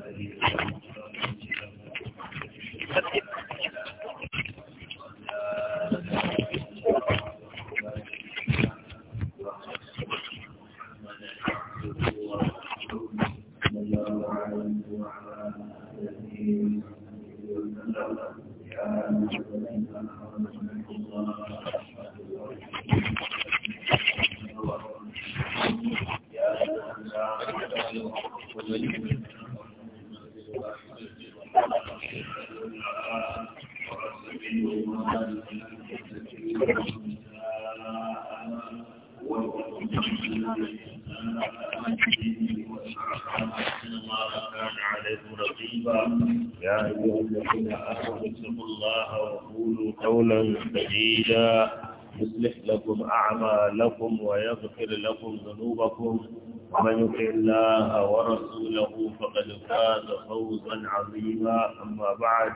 Thank you. ومن يطع الله ورسوله فقد فاز فوزا عظيما أما بعد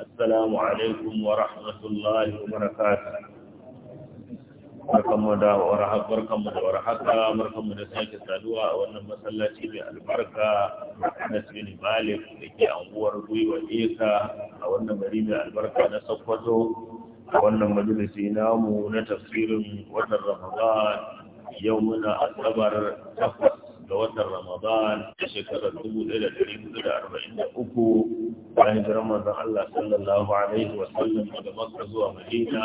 السلام عليكم ورحمة الله وبركاته barkanmu da warhaka barkanmu da warhaka barkanmu da sake saduwa a wannan masallaci mai albarka na Sini Malik da ke anguwar Gwiwa Eka a wannan gari mai albarka na Sokoto a wannan majalisi namu na tafsirin watan Ramadan yau muna asabar takwas ga watan Ramadan a shekarar 1443 bayan jiran manzon Allah sallallahu alaihi wa daga Makka zuwa Madina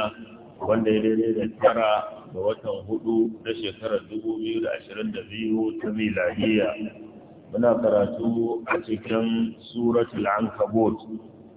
wanda ya daidai da tara ga watan hudu na shekarar 2022 ta miladiya muna karatu a cikin suratul ankabot.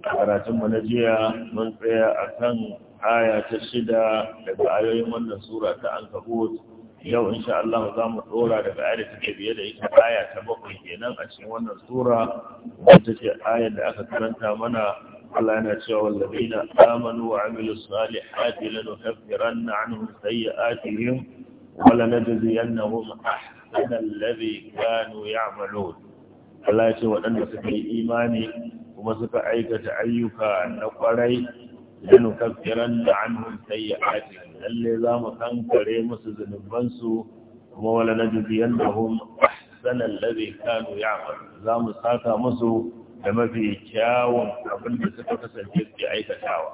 a karatun na jiya mun tsaya kan aya ta shida daga ayoyin wannan sura ta ankabut yau insha Allah za mu tsora daga ayar da take biye da ita aya ta bakwai kenan a cikin wannan sura Wata ce ayar da aka karanta mana Allah yana cewa wallazina amanu wa amilus salihati lanukaffirana anhum sayyi'atihim wa lanajziyannahum ahsana gano ya ya'malun Allah ya ce waɗanda suka yi imani kuma suka aikata ayyuka na kwarai lanukaffiran da anhum sayyi'atihim lalle za zamu kankare musu zunubansu kuma wala najziyannahum ahsana alladhi kanu ya'malun za mu saka musu da mafi kyawun abin da suka kasance su aikatawa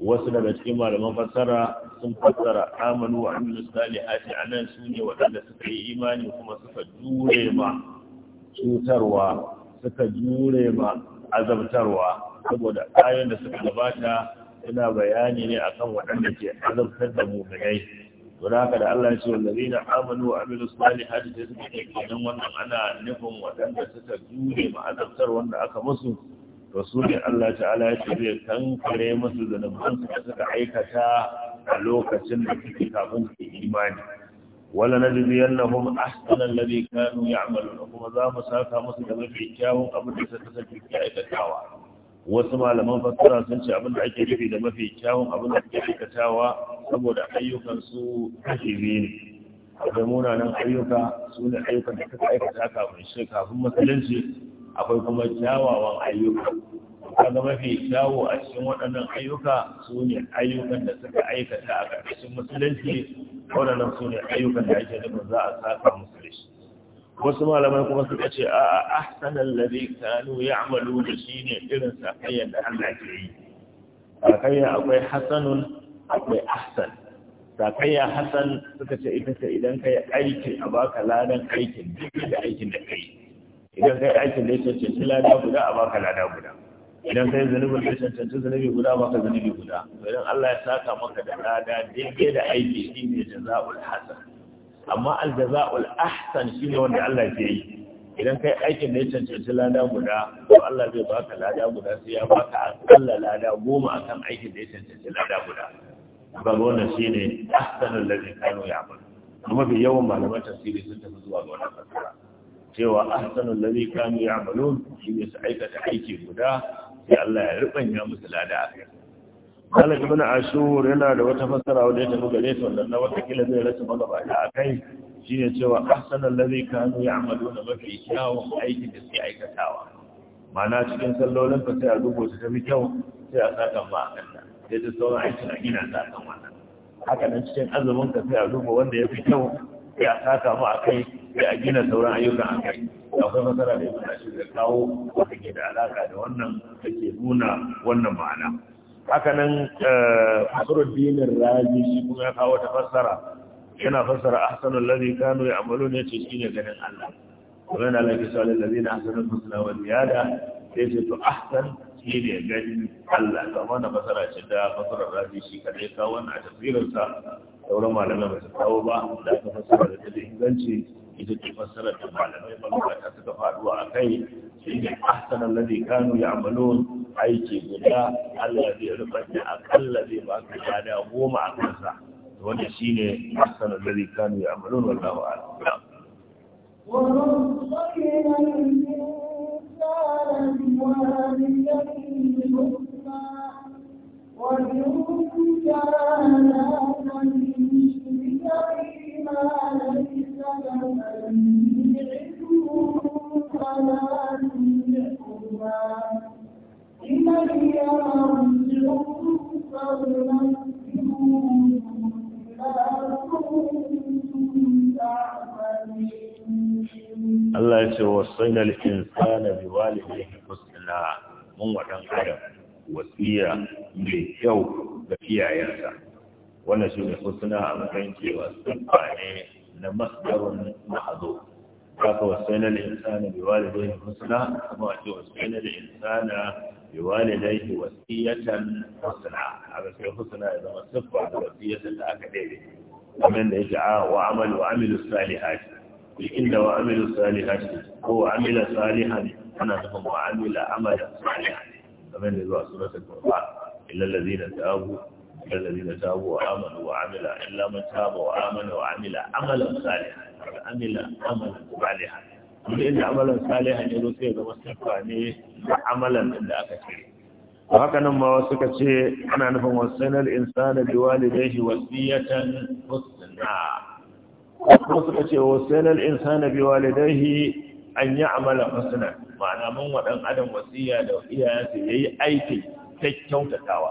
wasu daga cikin malaman fassara sun fassara amanu wa amilu salihati anan su waɗanda suka yi imani kuma suka jure ma cutarwa suka jure ma azabtarwa saboda kayan da suka gabata ina bayani ne akan waɗanda ke azabtar da mu'minai to da haka da Allah ya ce wallazina amanu wa amilus salihati sai suka ce kenan wannan ana nufin waɗanda suka jure ma azabtar wanda aka musu to Allah ta'ala ya ce zai kankare musu zanubin da suka aikata a lokacin da suke kafin su imani wala najziyannahum ahsana Kano kanu ya'malun kuma za mu saka musu da mafi kyawun abin da suka sake aikatawa wasu malaman fassara sun ce abin da ake nufi da mafi kyawun abin da ake aikatawa saboda ayyukan su kashi biyu ne akwai munanan ayyuka su ne ayyukan da suka aikata kafin shi kafin musulunci akwai kuma kyawawan ayyuka kaga mafi kyawu a cikin waɗannan ayyuka su ne ayyukan da suka aikata a ƙarƙashin musulunci waɗannan su ne ayyukan da ake nufin za a saka musu wasu malamai kuma suka ce a a ahsanan ladhi kanu amalu da shi ne irin sakayyar da Allah ke yi sakayya akwai hasanun akwai ahsan sakayya hasan suka ce ita ce idan kai aiki a baka ladan aikin duk da aikin da kai idan kai aikin da ya cancanci lada guda a baka lada guda idan kai zunubin da ya cancanci zunubi guda a baka zunubi guda idan Allah ya saka maka da lada daidai da aiki shine jaza'ul hasan amma aljaza'ul ahsan shine wanda Allah ke yi idan kai aikin da ya cancanci lada guda to Allah zai baka lada guda sai ya baka akalla lada goma akan aikin da ya cancanci lada guda ga wannan shine ahsanul ladzi kanu ya'mal kuma bi yawan malaman tafsiri sun tafi zuwa ga wannan fasara cewa ahsanul ladzi kanu ya'malun shine su aikata aiki guda sai Allah ya rubanya musu lada a Khalid ibn Ashur yana da wata fasara wanda ya tafi gare ta wannan wata kila zai rasa mana ba a kai shine cewa ahsana allazi kanu ya'maluna mafi kyawun aikin da suke aikatawa mana cikin sallolin ka sai a rubuta ta fi kyau sai a saka ma a kanta sai ta sauran aikin a gina ta kan wannan haka nan cikin azumin ka sai a rubuta wanda ya fi kyau sai a saka ma a kai sai a gina sauran ayyukan a kai akwai masara da ya fi da kawo wata ke da alaka da wannan take nuna wannan ma'ana haka nan Fakhruddin eh, Razi shi kuma ya kawo ta fassara yana fassara ahsanul ladhi kanu ce shi ne ganin Allah kuma yana lafi salil ladina ahsanul husna wal ziyada yace to ahsan ne ganin Allah to wannan fassara ce da fassara Razi shi kadai kawo na tafirinsa. tafsirin sa sauran malamai ba su kawo ba da aka fassara da ta inganci ita ce fassara da malamai ba ta suka a faduwa akai shine ahsanul ladhi kanu ya'maluna aiki guda Allah zai rubanta akalla zai baka lada goma a kansa wanda shine asalar da zai kanu ya amalun wallahu a'lam Thank you. Allah ya ce wasaina al-insana biwalidayhi husna mun wadan adam wasiya mai kyau ga iyayensa wannan shi ne husna a matsayin cewa sifa ne na masdarun ma'azu kaka wasaina al-insana biwalidayhi husna kuma a ce wasaina al-insana biwalidayhi wasiyatan husna haka sai husna ya zama siffa da wasiyatan da aka daidai kamar da yake wa amalu wa amilu salihati inda wa amilu salihati ko wa amila salihan ana nufin wa amila amalan salihan kamar da zuwa suratul qur'an illal ladina tabu illal ladina tabu wa amanu wa wa duk inda amalan salihan ya zo sai zama sifa ne da amalan da aka ce haka nan ma wasu ka ce ana nufin wasanar insana bi walidaihi wasiyatan husna wasu suka ce wasanar insana bi walidaihi an yi amalan husna ma'ana mun wadan adam wasiya da iyayensa yayi aiki kyakkyautawa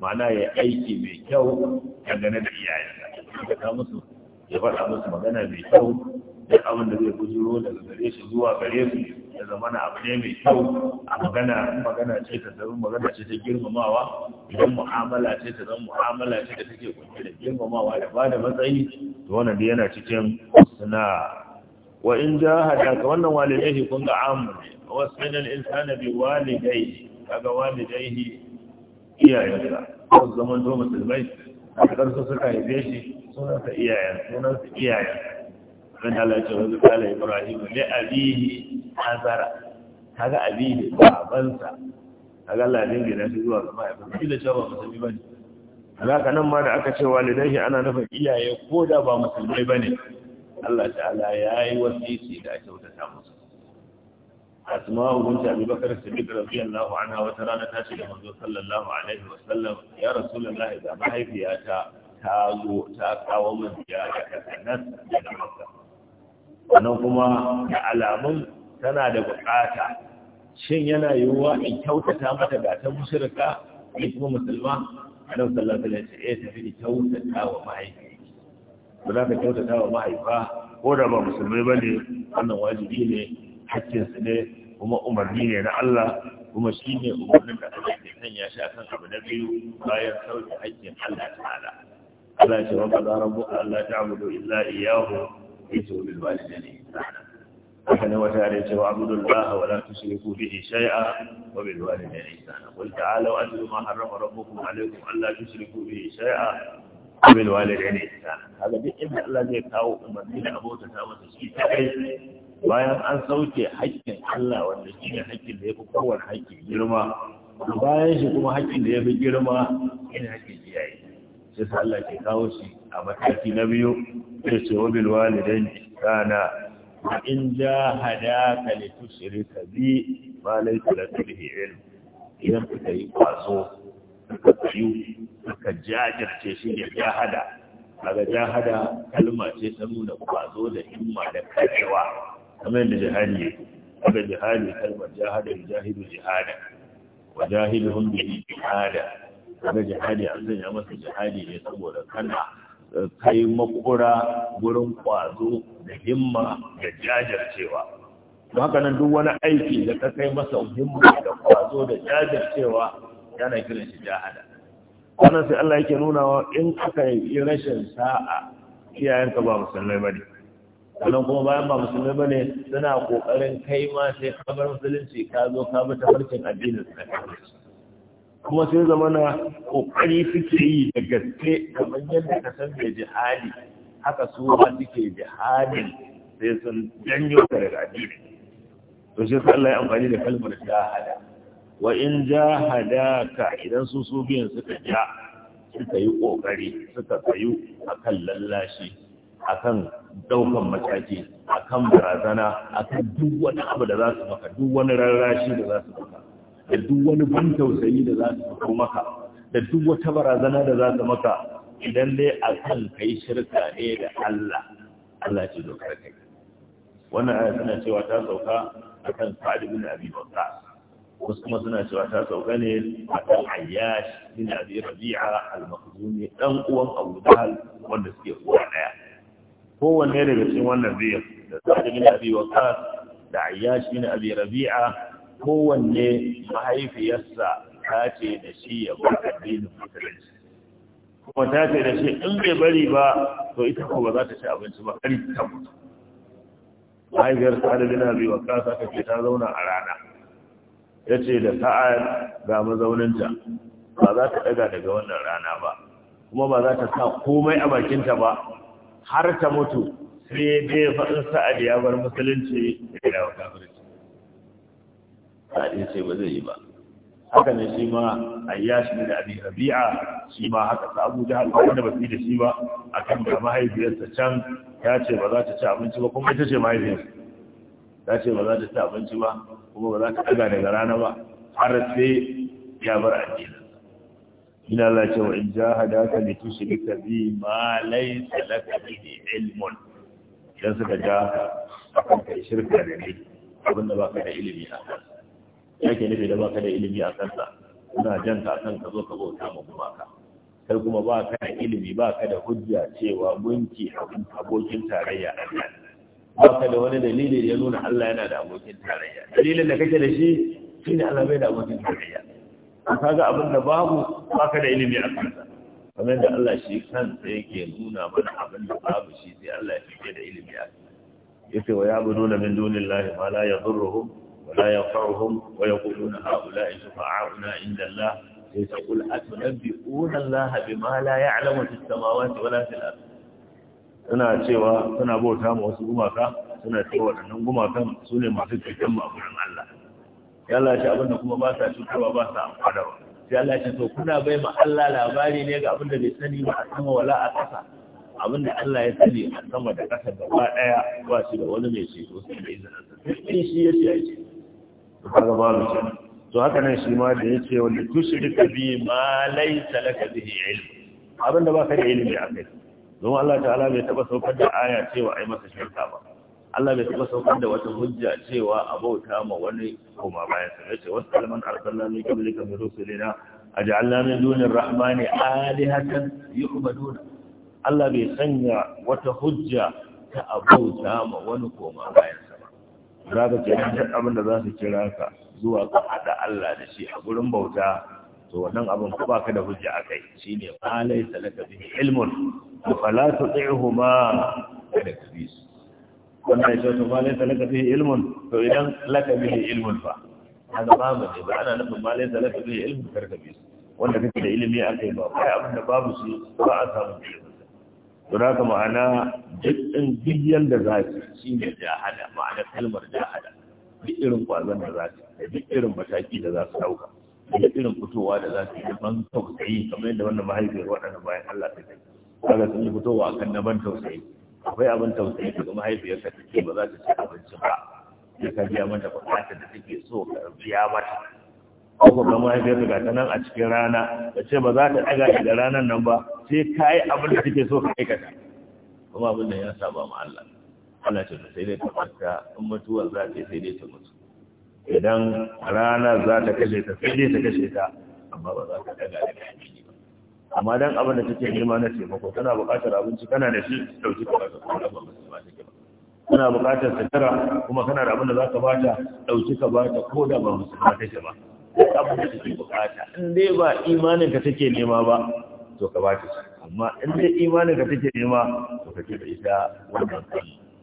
ma'ana ya aiki mai kyau dangane da iyayensa musu ya faɗa musu magana mai kyau duk abin da zai bujuro daga gare shi zuwa gare mu ya zama na abu ne mai kyau a magana magana ce ta zama magana ce ta girmamawa idan mu'amala ce ta zama mu'amala ce da take kunshe da girmamawa da ba da matsayi to wannan da yana cikin suna wa in jahada ka wannan walidaihi kun ga amu ne wa sanan insana bi walidaihi kaga walidaihi iyayensa ko zaman to musulmai a karsu suka haife shi sa iyayen sunansa iyayen kan halarci wanzu kala ibrahim ne abihi azara kaga abihi babansa kaga Allah ne gina shi zuwa ga ya fi da cewa musulmi ba ne alaka nan ma da aka ce walidai ana nufin iyaye ko da ba musulmai ba ne Allah ta'ala ya yi wasisi da ta musu asma'u bint abi bakr siddiq radiyallahu anha wata rana ta ce da manzo sallallahu alaihi wa sallam ya rasulullahi da mahaifiyata ta zo ta kawo min jiya ta kanas da makka sannan kuma da alamun tana da bukata shin yana yiwuwa in kyautata mata ga ta mushrika kuma musulma nan sallallahu alaihi wasallam ya eh, tafi da kyautata wa mahaifi ba za ka kyautata wa mahaifa ko da ba musulmai ba ne? wannan wajibi ne hakkin ne kuma umarni ne na Allah kuma shi ne umarnin da Allah ke sanya shi akan abu na biyu bayan sauke haƙƙin Allah ta'ala Allah ya ce wa qadara Allah alla ta'budu illa iyyahu yace wa bil walidayni ihsana haka ne wata da cewa abudullaha wala tushriku bihi shay'a wa bil walidayni ihsana qul ta'alu atlu ma harrama rabbukum alaykum alla tushriku bihi shay'a wa haka duk Allah zai kawo umarni a abota ta masa shi kai bayan an sauke haƙƙin Allah wanda shi ne haƙƙin da ya fi kowane haƙƙin girma bayan shi kuma haƙƙin da ya fi girma ina haƙƙin iyaye sai sa Allah ke kawo shi a mataki na biyu sai ce wa wabil walidain ihsana wa in jahadaka ka bi ma laysa laka bihi ilm idan kuka yi kwaso ka yi ka jajirce shi ne jahada ja hada kalma ce ta nuna kwaso da himma da karewa kamar da jihadi yake kaga jihadi kalmar jahada jahidu jihada wa jahidun bihi jihada kaga jihadi an zanya masa jihadi ne saboda kana kai makura gurin kwazo da himma da jajircewa don haka nan duk wani aiki da ka kai masa himma da kwazo da jajircewa yana kiran shi jahada wannan sai Allah yake nuna wa in aka yi rashin sa'a iyayenka ba musulmai bane sannan kuma bayan ba musulmai bane suna kokarin kai ma sai kamar musulunci ka zo ka bi tafarkin addinin sa kuma sai zama na kokari suke yi da gaske kamar yadda ka san mai jihadi haka su ma suke jihadin sai sun janyo da daga addini to shi sai Allah ya amfani da kalmar jahada wa in jahada ka idan su su biyan suka ja suka yi kokari suka tsayu akan lallashi akan daukan mataki akan barazana akan duk wani abu da za su maka duk wani rarrashi da za su maka da duk wani ban tausayi da za su fito maka da duk wata barazana da za su maka idan dai a kan yi shirka ne da Allah Allah ce zo kai wannan aya tana cewa ta sauka a kan Sa'ad bin Abi Waqqas wasu kuma suna cewa ta sauka ne a kan Ayyash bin Abi Rabi'a al-Makhzumi dan uwan Abu Jahl wanda suke uwa daya kowanne daga cikin wannan biyar, da Sa'ad bin Abi Waqqas da Ayyash bin Abi Rabi'a kowanne mahaifiyarsa ta ce da shi ya a dinin musulunci kuma ta ce da shi in bai bari ba to ita kuma ba za ta ci abinci ba har ta mutu mahaifiyar sa'ad bin abi ƙasa ta ce ta zauna a rana ya ce da sa'ad ga mazauninta ba za ta daga daga wannan rana ba kuma ba za ta sa komai a bakinta ba har ta mutu sai dai faɗin sa'ad ya bar musulunci ya dawo kafirci sa'adin sai ba zai yi ba haka ne shi ma ayyashi ne da abin rabi'a shi ma haka ta abu jihar wanda ba su yi da shi ba a kan ga mahaifiyarsa can ya ce ba za ta ci abinci ba kuma ita ce mahaifiyarsa ta ce ba za ta ci abinci ba kuma ba za ta daga daga rana ba har sai ya bar addini ina Allah ce wa in jahadaka li tushrika bi ma laysa laka bihi ilmun idan suka ja akan kai shirka da ni abinda ba ka da ilimi a kansa ya ke nufi da baka da ilimi a kansa ina jan ka kan ka zo ka bauta kuma ka kai kuma baka da ilimi baka da hujja cewa gunki abokin tarayya Allah ba ka da wani dalili da ya nuna Allah yana da abokin tarayya dalilin da kake da shi shine Allah bai da abokin tarayya an kaga abin da babu baka da ilimi a kansa kamar da Allah shi kansa yake nuna mana abin da babu shi sai Allah ya fike da ilimi a kansa yace wa ya'buduna min dunillahi ma la yadhurruhum ولا ينفعهم ويقولون هؤلاء شفعاؤنا عند الله يقول أتنبئون الله بما لا يعلم في السماوات ولا في الأرض suna cewa suna bauta ma wasu gumaka suna cewa waɗannan gumakan su ne masu cikin magunan Allah ya lashe abinda kuma ba sa cutarwa ba sa ba sai Allah ce to kuna bai ma Allah labari ne ga abinda bai sani ba a sama wala a ƙasa abinda Allah ya sani a sama da ƙasa gaba ɗaya ba shi da wani mai ceto sai da izinin sa sai shi ya ce kaga babu ce to haka nan shi ma da yace wanda tushrika bi ma laysa laka bihi ilm abin da ka da ilimi a akai don Allah ta'ala bai taba saukar da aya cewa ai masa shirka ba Allah bai taba saukar da wata hujja cewa a bauta ma wani kuma bayan sa yace wasu kalman arsalna min qablika min rusulina aj'alna min dunir rahmani alihatan yu'baduna Allah bai sanya wata hujja ta abauta ma wani koma bayan za ka ce duk abin da za su kira ka zuwa ka haɗa Allah da shi a gurin bauta to wannan abin ku baka da hujja akai shine ma laysa laka ilmun fa la tuti'huma kada ka bi su wannan shi to ma laysa bi ilmun to idan laka bi ilmun fa haka ba mu ne ba ana nufin ma laysa bi ilmun karka bi su wanda kake da ilimi akai ba kai abin da babu shi ba a samu ilimi don haka ma'ana duk ɗin biyan da za su shi ne jahada ma'ana kalmar jahada duk irin kwazon da za su da duk irin mataki da za su ɗauka da irin fitowa da za su yi ban tausayi kamar yadda wannan mahaifiyar waɗannan bayan Allah ta kai kaga sun yi fitowa a kan na ban tausayi akwai abin tausayi daga mahaifiyar ta take ba za ta ci abinci ba ya ka biya mata buƙatar da take so ka biya mata ko ga mahaifiyar ga ta nan a cikin rana da ce ba za ta daga da ranar nan ba sai ka yi abin da take so ka aikata kuma abin da ya saba ma Allah Allah ce sai dai ta mata in mutuwar za ta sai dai ta mutu idan ranar za ta kashe ta sai dai ta kashe ta amma ba za ta daga daga aiki ba amma dan abin da take nema na taimako tana buƙatar abinci kana da shi dauki ka ka ta kuma ba musu ba take ba kana buƙatar sakara kuma kana da abin da za ka bata dauki ka bata ko da ba musu ba take ba duk abin da take bukata in dai ba imanin ka take nema ba to ka ba ta su. amma in dai imanin ka take nema to ka da ita wannan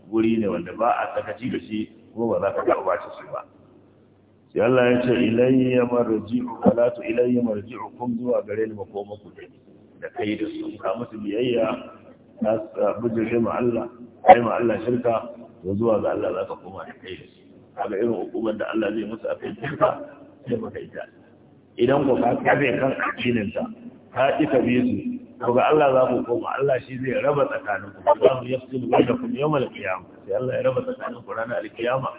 guri ne wanda ba a sakaci da shi kuma ba za ka taɓa ba ta su ba sai Allah ya ce ilayya marji'u salatu ilayya marji'u kun zuwa gare ni makoma ku da da kai da su ka musu biyayya na bujire ma Allah kai ma Allah shirka to zuwa ga Allah za ka koma da kai da su kaga irin hukumar da Allah zai musu a kai shirka sai ita idan ku ka kafe kan addinin ta ka ita bi su to ga Allah za ku koma Allah shi zai raba tsakanin ku Allah ya ku bainakum yawmal kiyama sai Allah ya raba tsakanin ku ranar alkiyama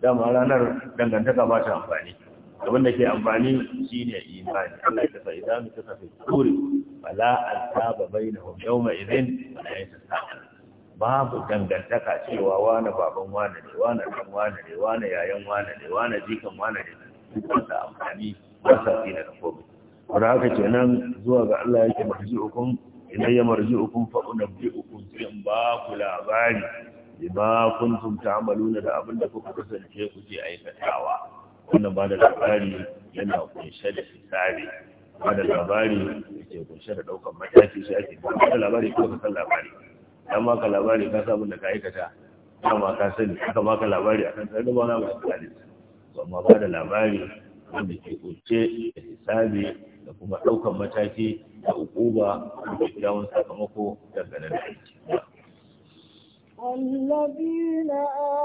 dama ranar dangantaka ba ta amfani abin da ke amfani ne imani Allah ya sa idan ka tafi kuri fala alqaba bainahum yawma idhin wala yatasaal babu dangantaka cewa wani baban wani ne wani dan wani ne wani yayan wani ne wani jikan wani ne ba da amfani ba sa tsina da komai wadda haka ce nan, zuwa ga Allah yake marji'ukum ilayya marji'ukum fa unabbi'ukum in ba ku labari tun ta kuntum ta'maluna da abinda kuka kasance kuke aikatawa wannan ba da labari yana kunshe da hisabi ba da labari yake kunshe da ɗaukar mataki shi ake ba da labari ko ka san labari dan maka labari ka san abin da ka aikata dama ka sani aka maka labari akan sai da ba na ba to amma ba da labari wanda ke kunce da hisabi da kuma ɗaukan mataki da hukuma da kyakkyawan sakamako dangane da aiki والذين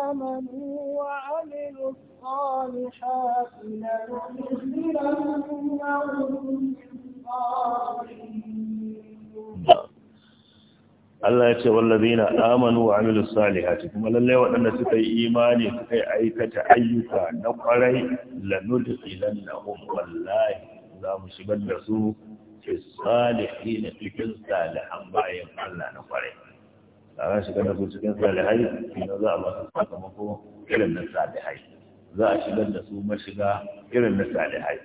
آمنوا وعملوا الصالحات لنخلنهم من الصالحين Allah ya ce wallazina amanu wa amilus salihati kuma lalle waɗanda suka yi imani suka yi aikata ayyuka na kwarai lanudkhilannahum wallahi za mu shigar da su fi salihin cikin salihan bayan Allah na kwarai za a shigar da su cikin salihai kuma za a ba su sakamako irin na salihai za a shigar da su mashiga irin na salihai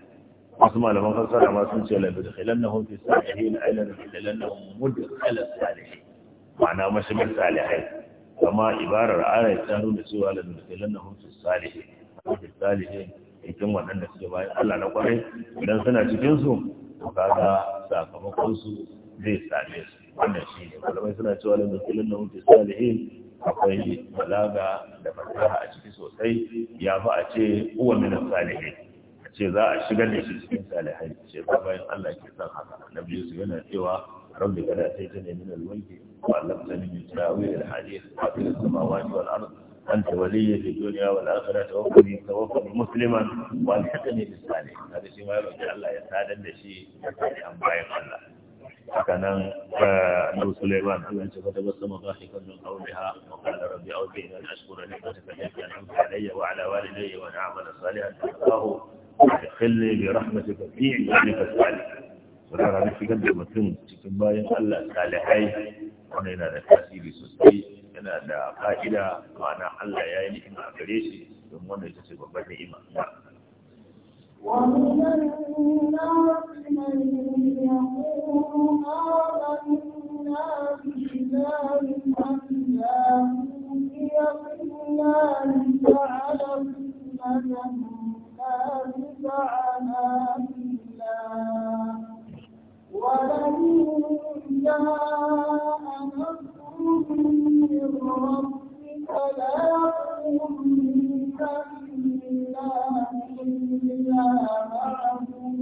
wasu malaman fassara ma sun ce na lanudkhilannahum fi salihin ayyalan lanudkhilannahum mudkhala salihai. ma'ana mashigar salihai kama ibarar ara ta nuna cewa da nufilan na hutu salihi hutu salihai cikin waɗanda suke bayan Allah na kwarai idan suna cikinsu kaga su zai same su wannan shi ne malamai suna cewa da nufilan na hutu salihi akwai balaga da fasaha a ciki sosai ya fi a ce uwa minan salihai a ce za a shigar da shi cikin salihai ce bayan Allah ke san haka na biyu su yana cewa رب قد أتيتني من الوجه وعلمتني من تاويل الحديث قاتل السماوات والأرض أنت ولي في الدنيا والآخرة توفني توفني مسلما والحقني بالصالح هذا شيء ما يرجع الله يسعد شيء يسعد عن بايق الله hakanan Nuhu Suleiman Allah ce fata basu mazahikan min qawliha wa qala rabbi awzini an ashkura ni'mataka allati an'amta alayya wa ala walidayya wa an a'mala salihan tardahu wa adkhilni bi rahmatika saurara na shigar da mutum cikin bayan Allah salihai wanda yana da tasiri sosai yana da fa'ida ma'ana Allah ya yi ni'ima a gare shi don wanda ita ce babbar ni'ima ومن الناس من يقول آمنا بالله أنا أوتي بالله فعلمنا أن لا نفعنا بالله ولئن جاء نصر من ربك لا يقولن إلا إلا معهم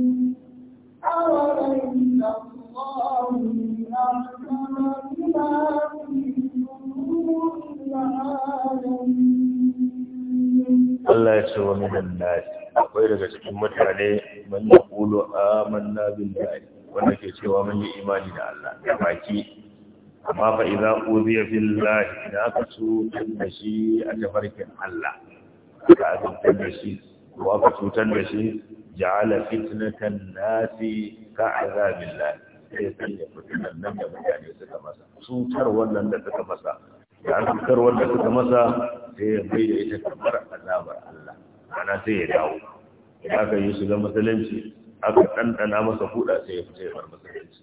أولئك الله أحكم بما في صدور العالمين الله يسوى من الناس akwai daga cikin mutane man yaqulu amanna billahi amma fa idza uziya billahi idan aka cutar da shi a tafarkin Allah aka cutar da shi ko aka cutar da shi ja'ala fitnatan nasi ka azabillah sai da fitnan nan da mutane suka masa cutar wannan da suka masa da cutar wanda suka masa sai ya bai ita kamar azabar Allah ana sai ya dawo idan aka yi shiga musulunci aka ɗanɗana masa kuɗa sai ya fita ya bar musulunci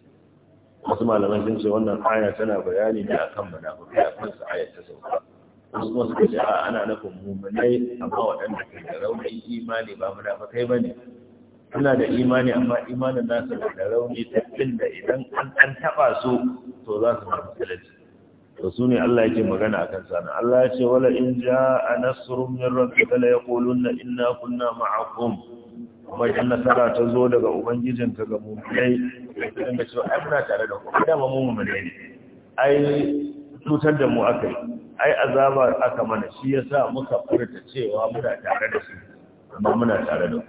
wasu malaman sun ce wannan aya tana bayani ne akan munafikai a kansa ayar ta sauka wasu kuma suka ce ana nufin mummunai amma waɗanda ke da raunin imani ba munafikai ba ne suna da imani amma imanin nasu da rauni ta da idan an an taɓa su to za su samu talaci to su ne Allah yake magana akan sana Allah ya ce wala in ja'a nasrun min rabbika la yaquluna inna kunna ma'akum wajen nasara ta zo daga ta ga mummunai da su ai muna tare da kuma dama mu mummunai ne ai cutar da mu aka yi ai azaba aka mana shi yasa muka furta cewa muna tare da su amma muna tare da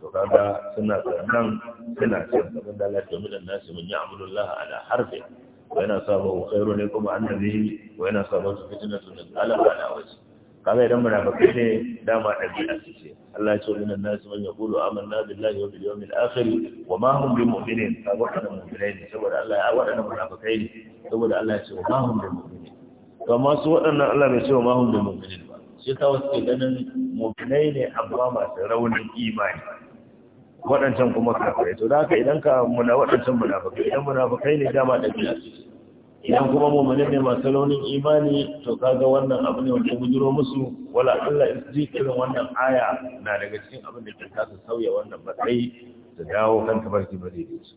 to kaga suna sannan suna cin gaban da Allah domin nan nasu mun yi Allah, ala harfi wa yana sabahu khairu lakum annabi wa yana sabahu fitnatun ala ala wajhi kaga idan munafikai ne dama ɗabi'a su ce Allah ya ce minan nasu man yaqulu amanna billahi wa bil yawmil akhir wa ma hum bi mu'minin kaga wannan mu'minai ne saboda Allah ya wadannan munafikai ne saboda Allah ya ce wa ma hum bi mu'minin to amma su wadannan Allah bai ce wa ma hum bi mu'minin ba shi ka wasu ganin mu'minai ne amma masu raunin imani Waɗancan kuma kafirai to da haka idan ka muna wadancan munafikai idan munafikai ne dama ɗabi'a su ce idan kuma mu mummune ne masu launin imani to kaga wannan abu ne wanda jiro musu wala Allah isji irin wannan aya na daga cikin abin da ke kasa sauya wannan matsayi da dawo kan tabarki ba dai su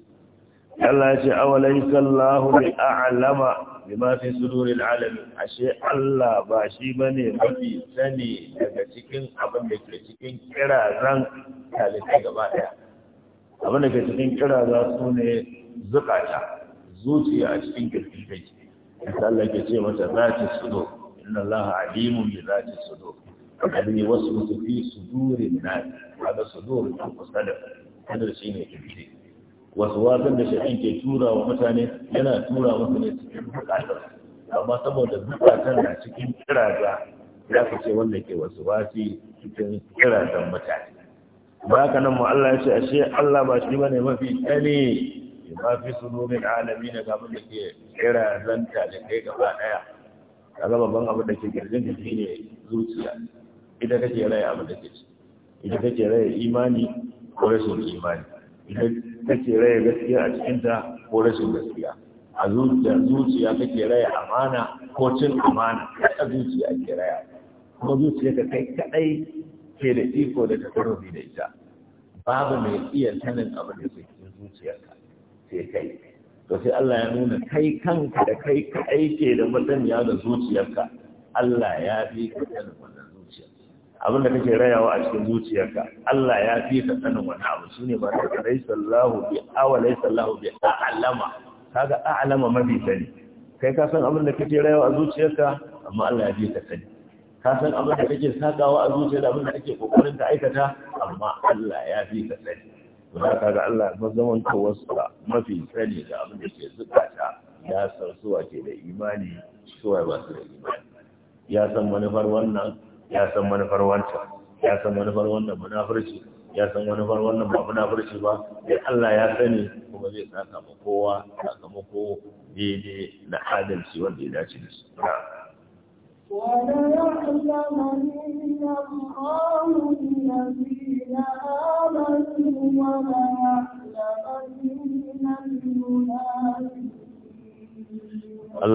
Allah ya ce awalaysa sallahu bi a'lama bima fi suduril alamin ashe Allah ba shi bane mafi sani daga cikin abin da ke cikin kirazan talibai gaba daya abin da ke cikin kiraza su ne zukata zuciya a cikin kirki take insha Allah ke ce mata zati sudur inna Allah alimun bi zati sudur alladhi waswasa fi sudurin nas hada sudur ta kusada kada shine kirki wasu wasan da shaitan ke tura wa mutane yana tura musu ne cikin bukatar amma saboda zukatan na cikin kiraza ya ka ce wanda ke wasu wasi cikin kirazan mutane ba haka nan mu Allah ya ce ashe Allah ba shi bane mafi tsani ba fi nomin alami na gabin da ke kira zanta da kai gaba daya ka gaba ban abin da ke girgin da shi ne zuciya ita kake raya abin da ke ci ita kake raya imani ko rashin imani ita kake raya gaskiya a cikinta ko rashin gaskiya a zuciya zuciya kake raya amana ko cin amana a zuciya ke raya kuma zuciya ka kai kadai ke da iko da takarrabi da ita babu mai iya sanin abin da ke cikin zuciyarka sai kai to sai Allah ya nuna kai kanka da kai ka aike da masaniya da zuciyarka Allah ya fi ka sanin wannan zuciya abin da kake rayawa a cikin zuciyarka Allah ya fi ka sanin wani abu shine ba ta rai sallahu bi awalai sallahu bi a'lama kaga a'lama mafi sani kai ka san abin da kake rayawa a zuciyarka amma Allah ya fi ka sani ka san abin da kake sakawa a zuciyar da abin da kake kokarin ka aikata amma Allah ya fi ka sani ba ka ga Allah zaman kawarsa mafi sani da abin da ke zukata ya san suwa ke da imani suwa ba su da imani ya san manufar wannan ya san manufar wancan ya san manufar wannan munafurci ya san manufar wannan ba munafurci ba sai Allah ya sani kuma zai tsaka ma kowa sakamako daidai na adalci wanda ya dace da shi Allah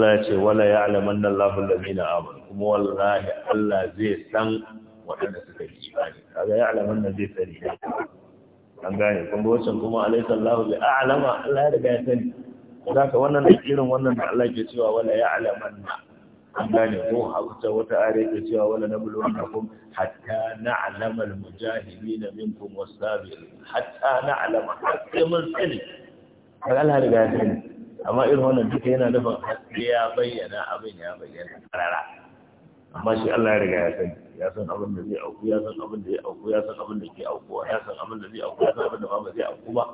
ya ce wala ya alaman nan lafin na abu, kuma wallahi Allah zai san waɗanda suka yi imani kaga ya alaman nan zai sani ya an gane kuma wancan kuma alaisa Allah bi a'lama Allah ya daga ya sani Za ka wannan da irin wannan da Allah ke cewa wala ya alaman nan an gane ko a wata wata are ke cewa wala na bulu wanda kun hatta na alamar mujahidi na minkum wasabi hatta na alama sai mun sani a ala riga ya sani amma irin wannan duka yana nufin haske ya bayyana abin ya bayyana karara amma shi Allah ya riga ya sani ya san abin da zai auku ya san abin da zai auku ya san abin da ke auku, ya san abin da zai auku ya san abin da ba zai auku ba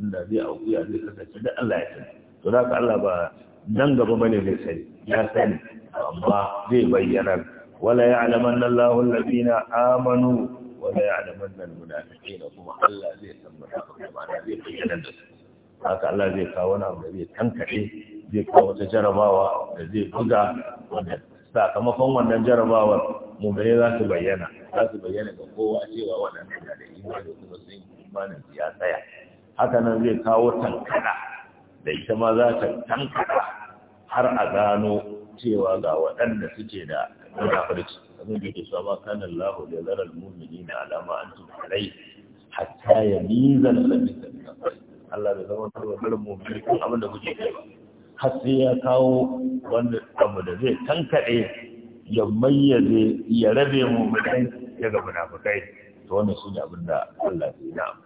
inda zai auku ya zai kasance da Allah ya sani to da Allah ba Nan gaba bane zai sani ya sani amma zai bayyana wala ya'lamanna Allahu alladhina amanu wala ya'lamanna almunafiqin kuma Allah zai san munafiqai zai bayyana da su haka Allah zai kawo wani abu da zai tankade zai kawo ta jarabawa da zai buga wanda sakamakon wannan jarabawar mummune za su bayyana za su bayyana ga kowa cewa wannan da imani kuma sun imani ya tsaya haka nan zai kawo tankada da ita ma za ta tankata har a gano cewa ga waɗanda suke da munafurci abin da ke so ba kan Allahu da zarar mu'mini na alama an tu alai hatta ya al-khabitha min Allah da zama da zaral mu'mini kan abin da kuke kai har sai ya kawo wanda abu da zai tankade ya mayyaze ya rabe mu'mini ya ga munafikai to wannan shine abin da Allah ya yi na'am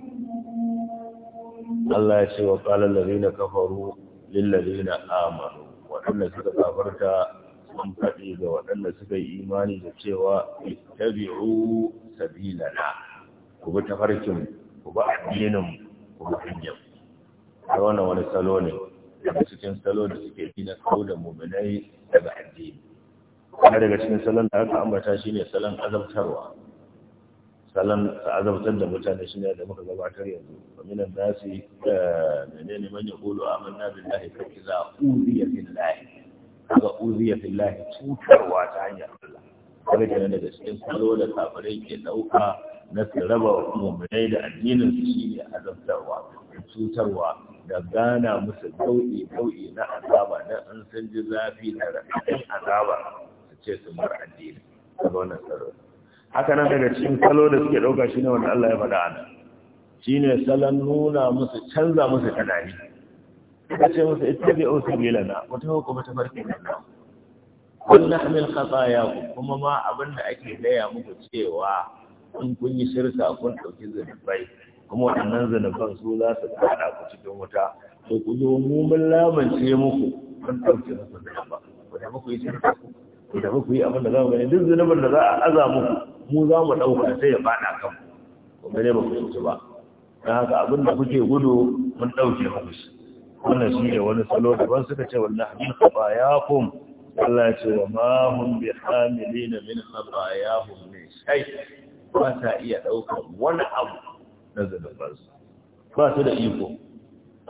Allah ya ce wa ƙalar lalina kafaru lillalina amanu waɗanda suka kafarta sun faɗi ga waɗanda suka yi imani da cewa ta biyu, Sabila na, ku bi tafarkin ku bi addinin ku bi hanyar Ta wani wani salo ne daga cikin salo da suke gina na kawo da muminai daga addini kuma daga cikin salon da aka ambata shine salon azabtarwa salon azabtar da mutane shi ne da muka gabatar yanzu minan nasi eh, ne ne man yaqulu amanna billahi fa iza uziya billahi kaga uziya billahi cutarwa ta hanyar Allah kaga kenan daga cikin salo da kafirai ke dauka na su raba mu'minai da addinin su shi ne azabtarwa cutarwa da gana musu dauɗi dauɗi na azaba na an san ji zafi da raɗaɗin azaba su ce su bar addini kaga wannan tsaro. haka nan daga cikin salo da suke ɗauka shi ne wanda Allah ya faɗa ana shi ne salon nuna musu canza musu tunani ta ce musu ita ausa ausu na, wata hukuma ta farkin da na na hamil kasa ku kuma ma abin da ake gaya muku cewa in kun yi shirka kun ɗauki zunubai kuma waɗannan zunuban su za su kada ku cikin wuta to ku zo mu mun lamance muku kun ɗauki musu zunuba ku muku yi shirka ku ku tafi ku yi abin da za mu gani duk zunubin da za a aza muku mu za mu ɗauka sai ya faɗa kan ku ba ne ba ku su ba don haka abin da kuke gudu mun ɗauke muku shi wannan shi ne wani salo daban suka ce wallahi min khafayakum Allah ya ce wa ma hum bi hamilina min khatayahum min shay ba ta iya ɗaukan wani abu na zunubansu ba su da iko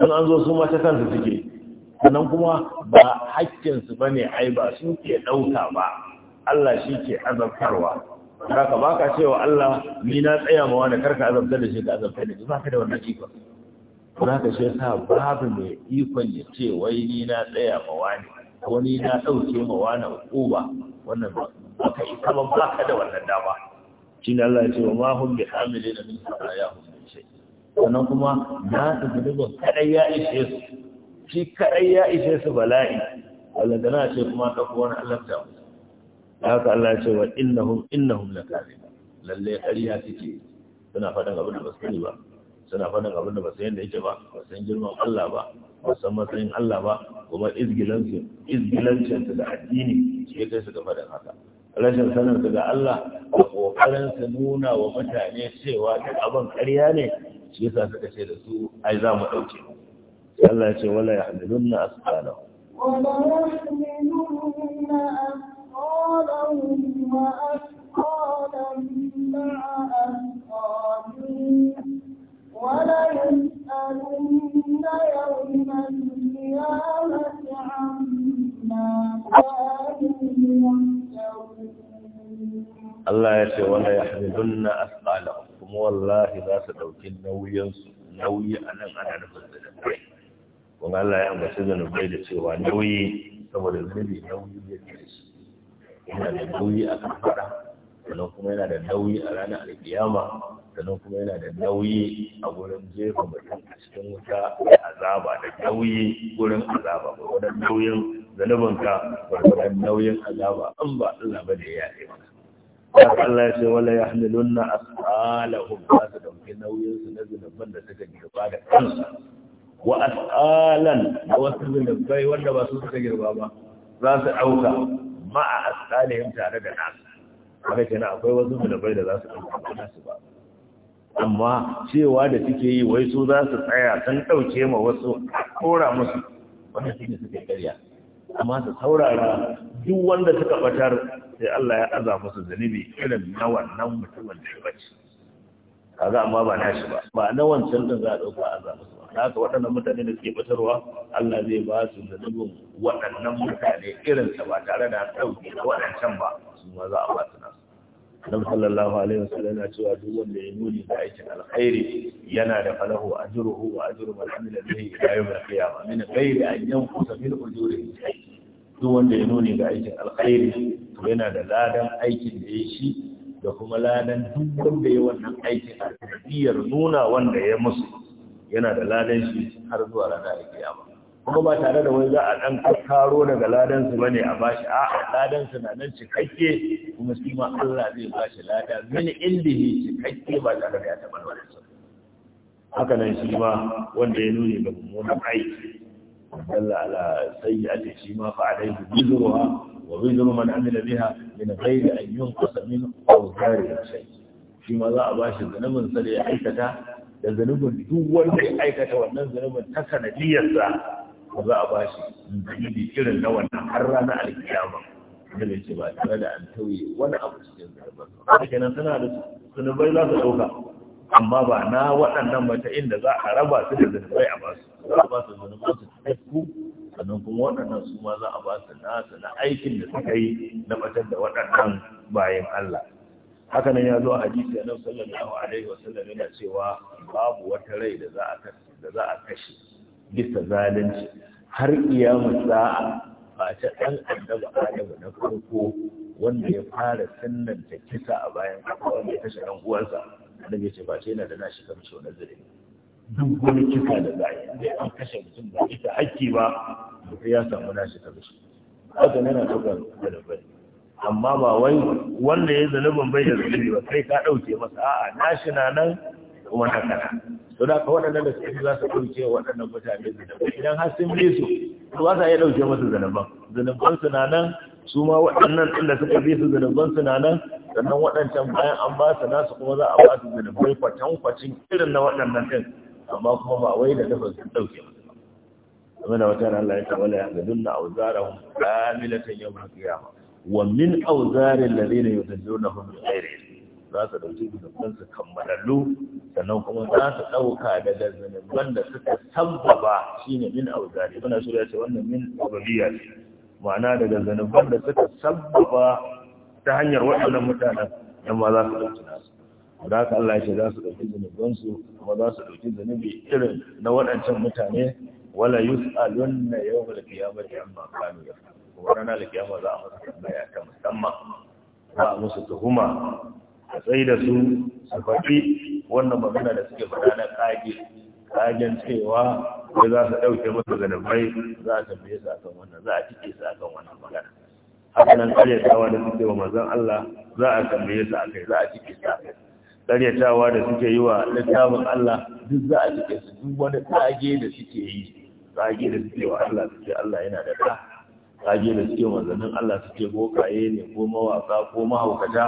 in an zo su mata kansu suke sannan kuma ba haƙƙinsu ba ne ai ba su ke ɗauka ba Allah shi ke azabtarwa ka ba ka cewa Allah ni na tsaya ma wani karka azabtar da shi ka azabtar da shi ba ka da wannan ikon za ka shi sa babu mai ikon ya ce wai ni na tsaya ma wani wani na ɗauke ma wani ƙuba wannan ba ka yi kama ba ka da wannan dama shi ne Allah ya ce wa ma hun bi hamilin min saraya hun bi shi sannan kuma na su ba kaɗai ya ishe su shi kadai ya ishe su bala'i na ce kuma ta kuwa na alabta haka Allah ce wa innahum innahum kare. lalle ƙarya suke suna faɗin abin da ba su ba suna faɗin abin da ba su yadda yake ba ba san girman Allah ba ba san matsayin Allah ba kuma izgilancinsu da addini shi kai su ga faɗin haka rashin sanin su ga Allah a ƙoƙarin su nuna wa mutane cewa duk abin ƙarya ne shi yasa suka ce da su ai za mu ɗauke mu يلا يا ولا يحملن أثقالهم ولا يحملن وأثقالا مع أثقالهم ولا يوم القيامة عما كانوا الله يشهد ولا يحملن أثقالهم والله لا تدوكن نوي نوي أنا أنا أنا kun Allah ya ambaci zanubai da cewa nauyi saboda zunubi nauyi ya ke su yana da nauyi a kan fada sannan kuma yana da nauyi a ranar alkiyama sannan kuma yana da nauyi a gurin jefa mutum a cikin wuta ya azaba da nauyi gurin azaba Wani nauyin ba wani nauyin azaba an ba Allah ba da ya yi maka haka Allah ya ce wala ya a asqalahum ba su dauki nauyinsu su na zunuban da suka girba da kansa wa asqalan da wasu zunubai wanda ba su suka girba ba za su ɗauka ma'a asqalihim tare da nasu haka kenan akwai wasu zunubai da za su ɗauka nasu ba amma cewa da suke yi wai su za su tsaya sun ɗauke ma wasu kora musu wanda suke suke karya amma su saurara duk wanda suka batar sai Allah ya aza musu zanibi irin na wannan mutumin da ya bace kaga amma ba nashi ba ba na wancan din za a ɗauka aza musu Na haka waɗannan mutane da suke fitarwa Allah zai ba su da zanubin waɗannan mutane irinsa ba tare da ɗauki na waɗancan ba su ma za a ba su nasu sallallahu alaihi wasallam ya cewa duk wanda ya nuni da aikin alkhairi yana da falahu ajruhu wa ajru man amila bihi ila yawm al-qiyamah min ghairi an yanqusa min ujurihi duk wanda ya nuni da aikin alkhairi to yana da ladan aikin da ya shi da kuma ladan duk wanda ya wannan aikin a nuna wanda ya musu yana da ladan shi har zuwa ranar kiyama kuma ba tare da wani za a dan karo daga ladan su bane a bashi a ladan su na nan cikakke kuma shi ma Allah zai bashi lada min indihi cikakke ba tare da ya taba wani haka nan shi ma wanda ya nuni ga mummunan aiki dalla ala sayyati shi ma fa alaihi bizruha wa bizru man amila biha min ghairi an yunqas min awzari shay shi ma za a bashi zanabin sa da ya aikata da zanubin duk wanda ya aikata wannan zanubin ta sanadiyarsa ba za a ba shi zunubi irin na wannan har ranar alkiyama daga ce ba tare da an tauye wani abu cikin zarbar ba kenan tana da zunubai za su ɗauka amma ba na waɗannan ba ta inda za a raba su da zunubai a basu za a basu zunubai su taku sannan kuma waɗannan su ma za a basu nasa na aikin da suka yi na batar da waɗannan bayan Allah haka nan ya zo a hadisi annabi sallallahu alaihi wasallam yana cewa babu wata rai da za a kashe bisa zalunci har kiyama sa'a ba ta ɗan annabi adamu na farko wanda ya fara sunnanta kisa a bayan kafa wanda ya kashe ɗan uwansa annabi ya ce ba ce yana da nashi kamshi wani zuri duk wani kisa da za a yi Sai an kashe mutum ba ita hakki ba mutum ya samu nashi kamshi. shi haka nan yana ɗaukar da bai. amma ba wai wanda ya zanubin bai da zanubi ba kai ka ɗauke masa a'a na shi na nan kuma na kana to da ka waɗannan da suke za su ɗauke waɗannan mutane zulubi idan har sun bi su to ba sa iya ɗauke masu zuluban zuluban su na nan su ma waɗannan ɗin da suka bi su zuluban su na nan sannan waɗancan bayan an ba su nasu kuma za a ba su zulubai kwacin irin na waɗannan ɗin amma kuma ba wai da dafa sun ɗauke ba. game da wata Allah ya tawala ya ga dunna auzarahum kamilatan yawmal qiyamah wa min auzarin lalina yau da zuna hulun tsere za su ɗauki zunuban su kammalallu sannan kuma za su ɗauka daga zunuban da suka sabbaba ne min auzari muna so ya ce wannan min sababiyya ne. ma'ana daga zunuban da suka sabbaba ta hanyar waɗannan mutanen yan ma za su ɗauki nasu da haka Allah ya ce za su ɗauki zunubansu kuma za su ɗauki zunubi irin na waɗancan mutane wala yus'alunna yawmal qiyamati amma kanu yafalun kuma ranar alkiyama za a musu tambaya ta musamman za a musu tuhuma a tsaye da su su faɗi wannan magana da suke faɗa na ƙage ƙagen cewa wai za su ɗauke musu zanabai za a tambaye su akan wannan za a cike su akan wannan magana haka nan ƙaryatawa da suke wa mazan Allah za a tambaye su akai za a cike su akai ƙaryatawa da suke yi wa littafin Allah duk za a cike su duk wani ƙage da suke yi ƙage da suke wa Allah suke Allah yana da ta. kage da suke manzannin Allah suke bokaye ne ko mawaka ko mahaukata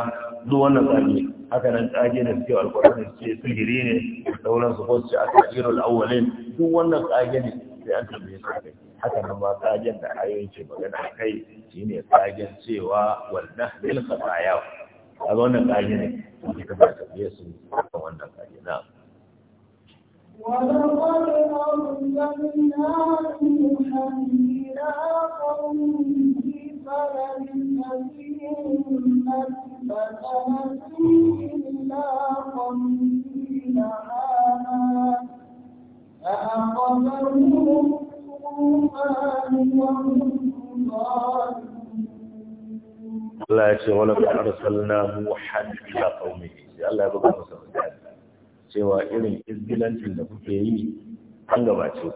duk wannan kage haka nan kage da suke alkurani suke sihiri ne sauran su ko su a tajirul awwalin duk wannan kage ne sai an tambaye su kai haka nan ma kagen da ayoyin ce magana kai shine kagen cewa wanda lil khataya kaga wannan kage ne ka tambaye su wannan kage na'am ولقد أرسلنا موحدا إلى قومه فلبث فيهم ألف سنة إلا خمسين عاما فأخذهم ظالمون Allah ya ce wani ƙarar salna muhan ila cewa irin izgilancin da kuke yi an gabace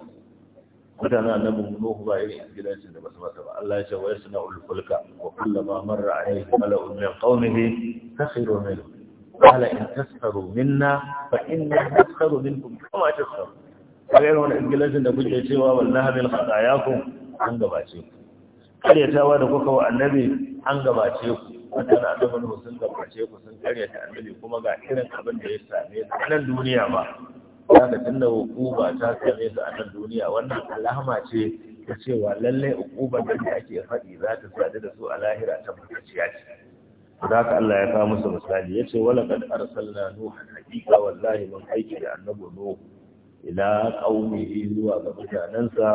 mutanen annabin nuhu ba irin izgilancin da basu masa ba Allah ya ce wa yasna ul fulka wa kullama marra alayhi mala'un min qawmihi sakhiru minhu qala in tasharu minna fa inna nasharu minkum kama tasharu kare wannan izgilancin da kuke cewa wallahi min khatayakum an gabace karyatawa da kuka wa annabi an gabace ku waɗanda annabin mu sun gabace ku sun karyata annabi kuma ga irin abin da ya same su a duniya ba ya ga tunda hukuma ta same su a nan duniya wannan alama ce ta cewa lallai hukumar da ake faɗi za ta sadu da su a lahira ta barkaciya ce haka Allah ya kawo musu misali Ya ce wala kad arsalna nuha hakika wallahi mun aiki da annabi nuhu ila qaumihi zuwa ga mutanansa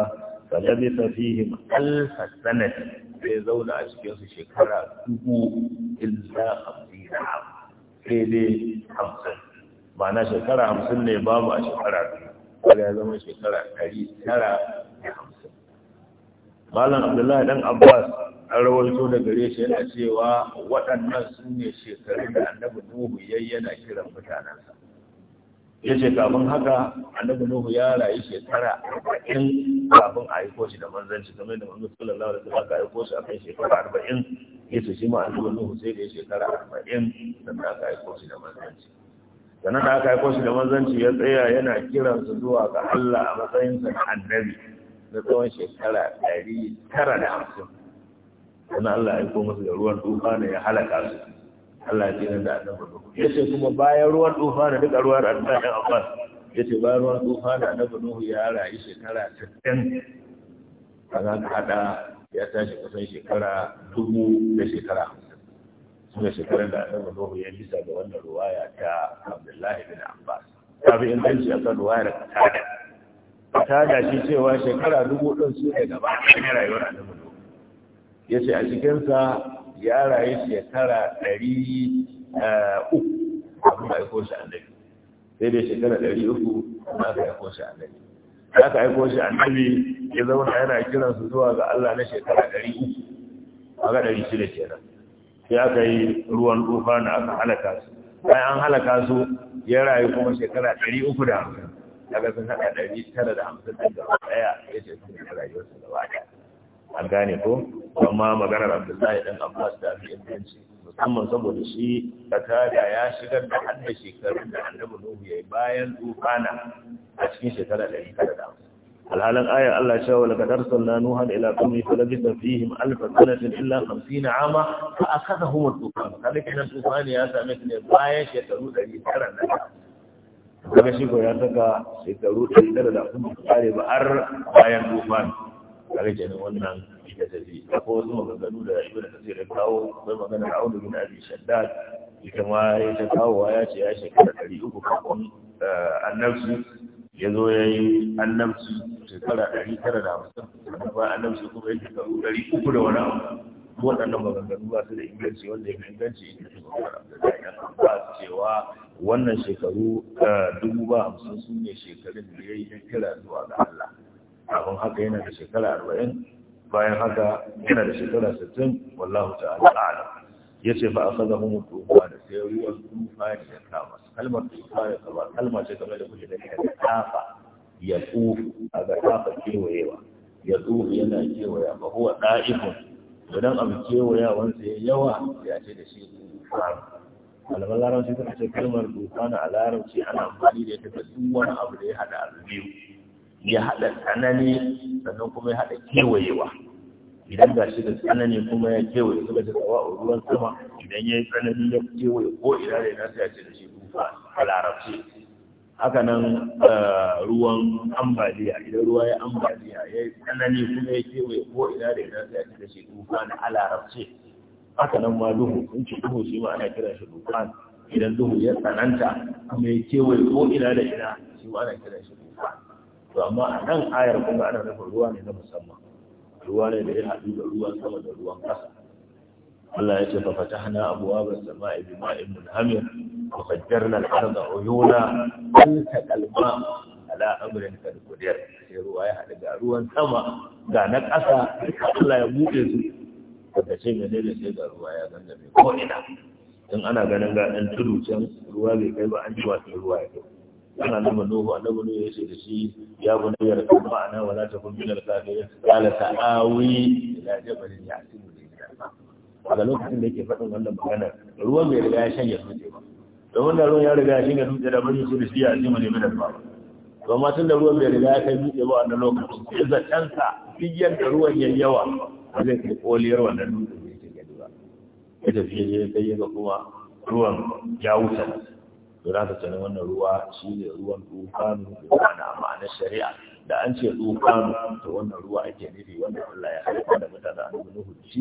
falabisa fihim alfa sanati da ya zauna a cikin su shekara dubu illa hamsin sai dai hamsin ma'ana shekara hamsin ne babu a shekara biyu wanda ya zama shekara ɗari tara da hamsin malam abdullahi dan abbas an rawarto da gare shi yana cewa waɗannan sun ne shekarun da annabi nuhu yayyana kiran mutanensa ya ce kafin haka annabi nuhu ya rayu shekara arba'in kafin a aiko shi da manzanci kamar da manzo sallallahu da ta aka aiko shi akan shekara arba'in ya ce shi ma annabi nuhu sai da shekara arba'in da ta aka aiko shi da manzanci sannan aka aiko shi da manzanci ya tsaya yana kiran su zuwa ga Allah a matsayin sa na annabi na tsawon shekara ɗari tara da hamsin sannan Allah ya aiko musu da ruwan tufa da ya halaka su Allah ya tsira da annabi Nuhu ce kuma bayan ruwan tufa da duka ruwan annabi Abbas ce bayan ruwan tufa da annabi Nuhu ya rayu shekara A za ka haɗa ya tashi kusan shekara dubu da shekara suna shekarar da annabi Nuhu ya bisa ga wannan ruwaya ta Abdullahi bin Abbas ta fi inganci a kan ruwayar Qatada Qatada shi cewa shekara dubu din su ne gaba ɗaya rayuwar annabi Nuhu ce a cikinsa. ya rayu shekara ɗari eh, uku abin da aiko shi annabi sai dai shekara ɗari uku na aka aiko shi annabi aka aiko shi annabi ya zauna yana kiransu zuwa ga Allah na shekara ɗari uku a ga ɗari shida kenan sai aka yi ruwan tufa na aka halaka su bayan an halaka su ya rayu kuma shekara ɗari uku da hamsin daga sun haɗa ɗari tara da hamsin ɗin gaba ɗaya ya ce sun yi rayuwarsa da ɗaya an gane ko amma maganar abdullahi dan abbas da abin inganci musamman saboda shi katada ya shigar da hadda shekarun da annabi nuhu ya yi bayan tufana a cikin shekara ɗari tara da alhalan aya Allah ya wa laqad arsalna nuhan ila qaumi falabitha fihim alf sanatin illa 50 ama fa akadahum at-tufan kada kenan tufani ya same su ne bayan shekaru 900 da kaga shi ko ya saka shekaru 900 da kuma kare ba har bayan tufan. kaga kenan wannan ita ta ce akwai wasu maganganu da ibn kasir ya kawo akwai maganar audu bin abi shaddad ita ma ya ta kawo ya ce ya shekara ɗari uku kafin eh, annabci ya zo ya yi annabci shekara ɗari tara da hamsin sannan ba annabci kuma ya shekaru ɗari uku da wani abu waɗannan maganganu ba su da inganci wanda ya fi inganci ita ce magana da zaɓen ba cewa wannan shekaru eh, dubu ba hamsin su ne shekarun da ya yi kira zuwa ga Allah abin haka yana da shekara arba'in bayan haka yana da shekara sittin wallahu ta'ala a'lam ya ce ba a kaza hun tufa da sai ruwan tufa ne ya kama kalmar tufa ya kama kalmar ce game da kuke da ke da tafa ya tsufu a ga tafa kewayewa ya tsufu yana kewaya ba huwa ɗa'ifun idan abu wanda ya yawa ya ce da shi tufa larabci suka ce kalmar tufa na a larabci ana amfani da ita ga duk wani abu da ya haɗa abu biyu ya haɗa tsanani sannan kuma ya haɗa kewayewa idan ga shi da tsanani kuma ya kewaye suka ci tsawa a ruwan sama idan ya yi tsanani ya kewaye ko ina da ina sai a ce da shi dufa a larabci haka nan eh, ruwan ambaliya idan ruwa ya ambaliya ya yi tsanani kuma ya kewaye ko ina da ina sai a ce da shi dufa a larabci haka nan ma duhu in ce duhu shi ma ana kira shi dufa idan duhu ya tsananta kuma ya kewaye ko ina da ina shi ma ana kira shi to amma a nan ayar kuma ana nufin ruwa ne na musamman ruwa ne da ya haɗu da ruwa sama da ruwan ƙasa Allah ya ce fa fatahna abwaaba as-samaa'i bima'in munhamir wa fajjarna al-arda uyuna fantaqal kalma ala amrin kad qudir sai ruwa ya haɗu da ruwan sama ga na ƙasa Allah ya buɗe su daga ce mai daidai sai ga ruwa ya gangame ko ina in ana ganin ga ɗan tudu can ruwa bai kai ba an ji wasu ruwa ya kai ana nama nuhu annabi nuhu ya ce da shi ya bu nabiyar kan ma'ana wala ta kun bilal kafirin qala ta'awi ila jabalin ya'timu bi daga lokacin da yake faɗin wannan magana ruwan bai riga ya shanya dutse ba da wannan ruwan ya riga ya shanya dutse da bari su da shi ya zima ne mai ba to amma tun da ruwan bai riga ya kai dutse ba wannan lokacin sai zaton sa biyan da ruwan yayi yawa zai kai koliyar wannan dutse ne ta gadi ba ya tafi ya kai ya ga kuma ruwan ya wuce don haka kenan wannan ruwa shine ruwan dukanu da ma'anar shari'a da an ce dukanu ta wannan ruwa ake nufi wanda Allah ya halitta da mutanen annabi Nuhu shi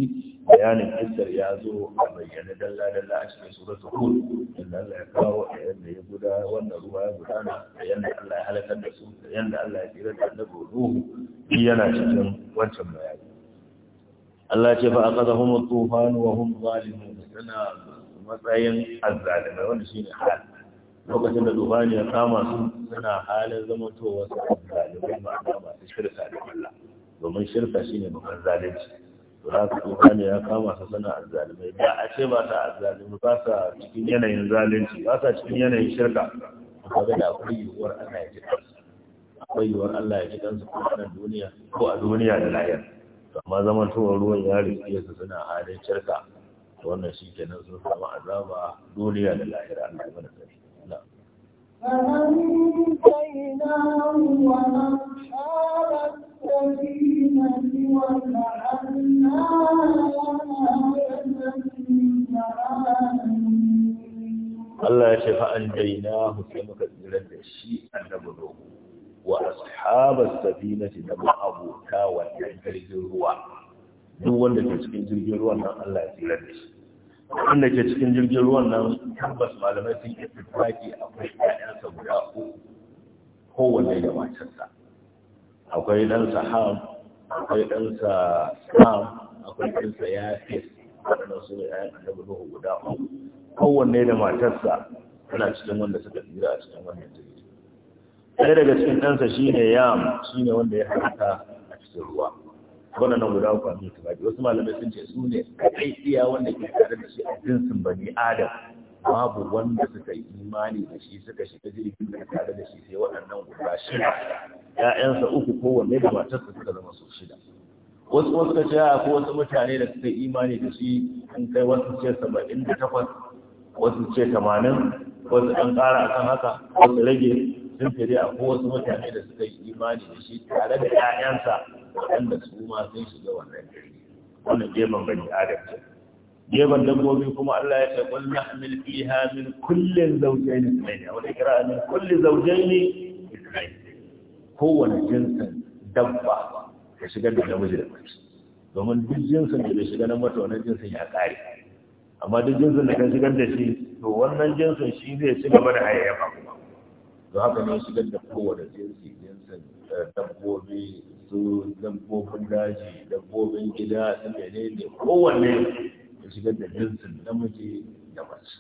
bayanin kissar ya zo a bayyana dalla dalla a cikin suratul Hud inda Allah ya kawo yadda ya guda wannan ruwa ya gudana da yadda Allah ya halaka da su da yadda Allah ya tsira da annabi Nuhu yana cikin wancan bayani Allah ce fa aqadahum at-tufan wa hum zalimun kana matsayin azzalimai wanda shine hal lokacin da dubani ya kama su suna halin zamantowa su kan zalibai ma'ana masu shirka da Allah domin shirka shine babban zalunci to haka dubani ya kama su suna azzalimai ba a ce ba ta azzalimi ba sa cikin yanayin zalunci ba sa cikin yanayin shirka kaga da akwai yiwuwar Allah ya ji kansu akwai yiwuwar Allah ya ji kansu ko a duniya ko a duniya da lahiyar amma zamantowar ruwan ya rike su suna halin shirka wannan shi kenan sun samu azaba duniya da lahira Allah ya mana sani فأنجيناه ومن حال Allah ya shafa an daina sai muka tsira da shi annabi Nuhu wa ashabas safinati da ma'abuta wannan jirgin ruwa duk wanda ke cikin jirgin ruwa, nan Allah ya tsirar da shi wanda ke cikin jirgin ruwan nan tabbas malamai sun yi tsaki akwai ƴaƴansa guda uku kowanne da matarsa akwai ɗansa ham akwai ɗansa sam akwai ya yafis waɗanda su ne ƴaƴan annabi nuhu guda uku kowanne da matarsa tana cikin wanda suka tsira a cikin wannan jirgin ɗaya daga cikin ɗansa shine yam shine wanda ya haɗa a cikin ruwa wannan guda uku a mutu ba wasu malamai sun ce su ne kaɗai iya wanda ke tare da shi a jinsin bani adam babu wanda suka yi imani da shi suka shiga jirgin da tare da shi sai waɗannan guda shida ƴaƴansa uku kowanne da matarsa suka zama su shida wasu wasu ka ce ko wasu mutane da suka yi imani da shi in kai wasu ce saba'in da takwas wasu ce tamanin wasu an ƙara akan haka wasu rage duk da dai akwai wasu mutane da suka yi imani da shi tare da ƴaƴansa waɗanda su ma sun shiga wannan gari wannan gefen bani adam ce gefen dabbobi kuma Allah ya ce kullu nahmil fiha min kullin zawjayni ismaili wa ikra min kulli zawjayn Ko kowane jinsin dabba ya shiga da namiji da mace domin duk jinsin da bai shiga na mata wannan jinsin ya kare amma duk jinsin da ka shigar da shi to wannan jinsin shi zai ci gaba da hayayyafa kuma da haka ne shigar da kowane jinsi jinsin eh, dabbobi su dabbobin daji dabbobin gida su mene ne kowanne ya shigar da jinsin namiji da mace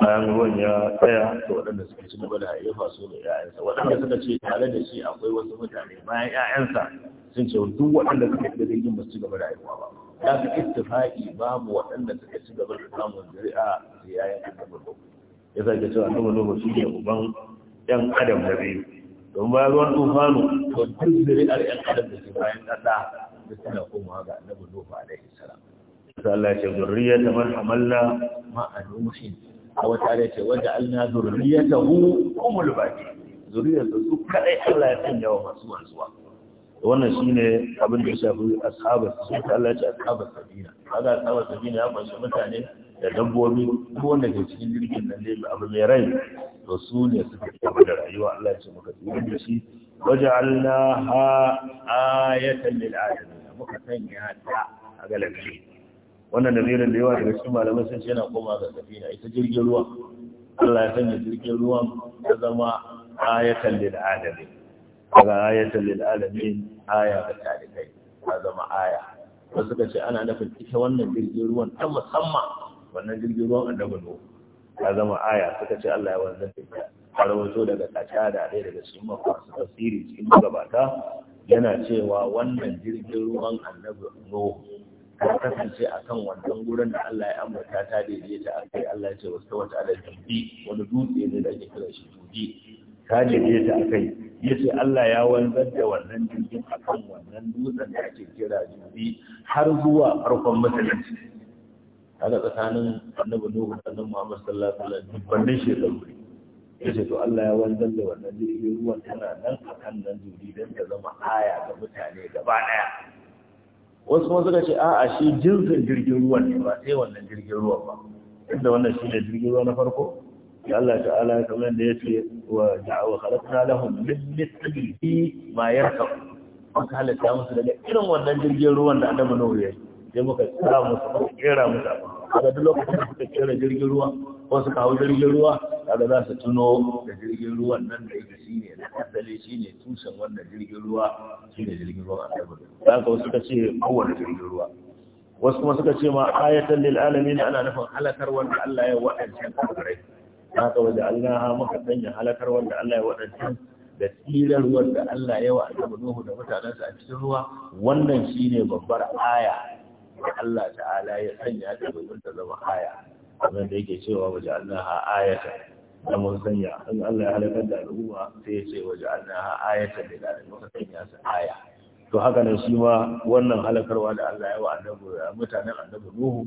bayan ruwan ya tsaya da waɗanda suka ci gaba da haifa su da 'ya'yansa waɗanda suka ce tare da shi akwai wasu mutane bayan 'ya'yansa sun ce duk waɗanda suka gaba da ba su ci gaba da haihuwa ba ya fi ittifaƙi babu waɗanda suka ci gaba da samun zuri'a da da annabi ya sake cewa annabi nuhu shi ne uban yan adam da biyu don ba ruwan tufanu to duk zuri'ar yan adam da ke bayan ƙasa da suna komawa ga annabi nuhu alaihi salam sai Allah ya ce zurriyata man hamalna ma'a nuhin a wata ya ce wanda alna zurriyatahu umul baqi zuriyar su kadai Allah ya sanya wa masu wanzuwa wannan shi ne abin da ya shafi ashabar sun ta Allah ce ashabar sabina ga ashabar sabina ya kwanci mutane da dabbobi ko wanda ke cikin jirgin nan dai abu mai rai to su ne suka tafi da rayuwa Allah ya ce muka tsira da shi waja'alnaha ayatan lil alamin muka sanya ta a galabi wannan namirin da yawa daga cikin malamai sun ce yana koma ga safina ita jirgin ruwa Allah ya sanya jirgin ruwan ta zama ayatan lil alamin daga ayatul lil alamin aya ga talibai ta zama aya wasu suka ce ana nufin ita wannan jirgin ruwan ta musamman wannan jirgin ruwan annabi no ta zama aya suka ce Allah ya wanzar da ita rawato daga kacada ɗaya daga cikin mafasu tasiri cikin gabata yana cewa wannan jirgin ruwan annabi no ta kasance a kan wannan gurin da Allah ya ambata ta daidaita a kai Allah ya ce wasu wata ala wani dutse ne da ake kira shi dubi ka jefe ta akai yace Allah ya wanzar da wannan jirgin akan wannan dutsen da ake kira jirgi har zuwa farkon musulunci kaga tsakanin annabi Nuhu da annabi Muhammad sallallahu alaihi wasallam dubbannin shekaru Ya yace to Allah ya wanzar da wannan jirgin ruwan tana nan akan nan jirgi dan ta zama aya ga mutane gaba daya wasu kuma suka ce a'a shi jinsin jirgin ruwan ne ba sai wannan jirgin ruwan ba inda wannan shi ne jirgin ruwa na farko Allah ta'ala kamar da yace wa da'awa khalaqna lahum min mithlihi ma yarkab an halatta musu daga irin wannan jirgin ruwan da Adamu Nuhu ya yi sai muka sa musu muka kera musu kaga duk lokacin da suka kera jirgin ruwa ko suka hau jirgin ruwa kaga za su tuno da jirgin ruwan nan da yake shine da asali shine tushen wannan jirgin ruwa shine jirgin ruwa Adamu kaga wasu suka ce kowane jirgin ruwa wasu kuma suka ce ma ayatan lil alamin ana nufin halakar wanda Allah ya wa'anta kafirai haka wanda Allah maka sanya halakar wanda Allah ya wadancan da tsirar wanda Allah ya wa annabi Nuhu da mutanansa a cikin ruwa wannan shine babbar aya da Allah ta'ala ya sanya ta domin ta zama aya kamar da yake cewa waje Allah ayata da mun sanya in Allah ya halakar da al'umma sai ya ce waje Allah ayata da da muka sanya su aya to haka ne shi ma wannan halakarwa da Allah ya wa mutanen annabi Nuhu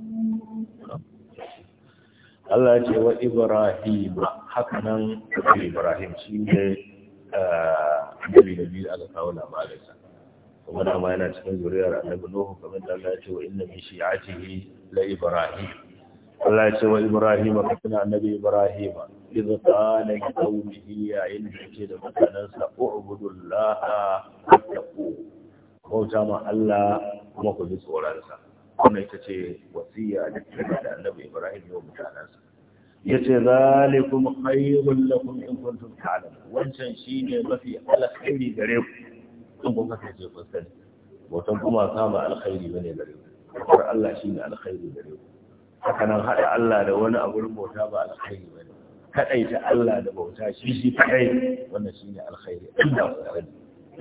Allah ce wa Ibrahim haka nan Ibrahim shi ne ah, Nabi da biyu aka kawo labarinsa. Kuma da yana cikin zuriyar Annabi Nuhu kamar da Allah ce wa inna min shi'atihi la Ibrahim. Allah ce wa Ibrahim ka tuna Annabi Ibrahim idh qala li qaumihi ya in ce da mutanansa ubudullaha wattaqu. Bauta ma Allah kuma ku bi tsoronsa. wannan ita ce wasiya da kira da annabi Ibrahim ya mutanansa yace zalikum khayrun lakum in kuntum ta'lamun wancan shine mafi alkhairi gare ku in kun kasance kun sani wato kuma ka ba alkhairi bane gare ku har Allah shine alkhairi gare ku haka nan hada Allah da wani abu bauta ba alkhairi bane kadaita Allah da bauta shi shi kadai wannan shine alkhairi inda ku sani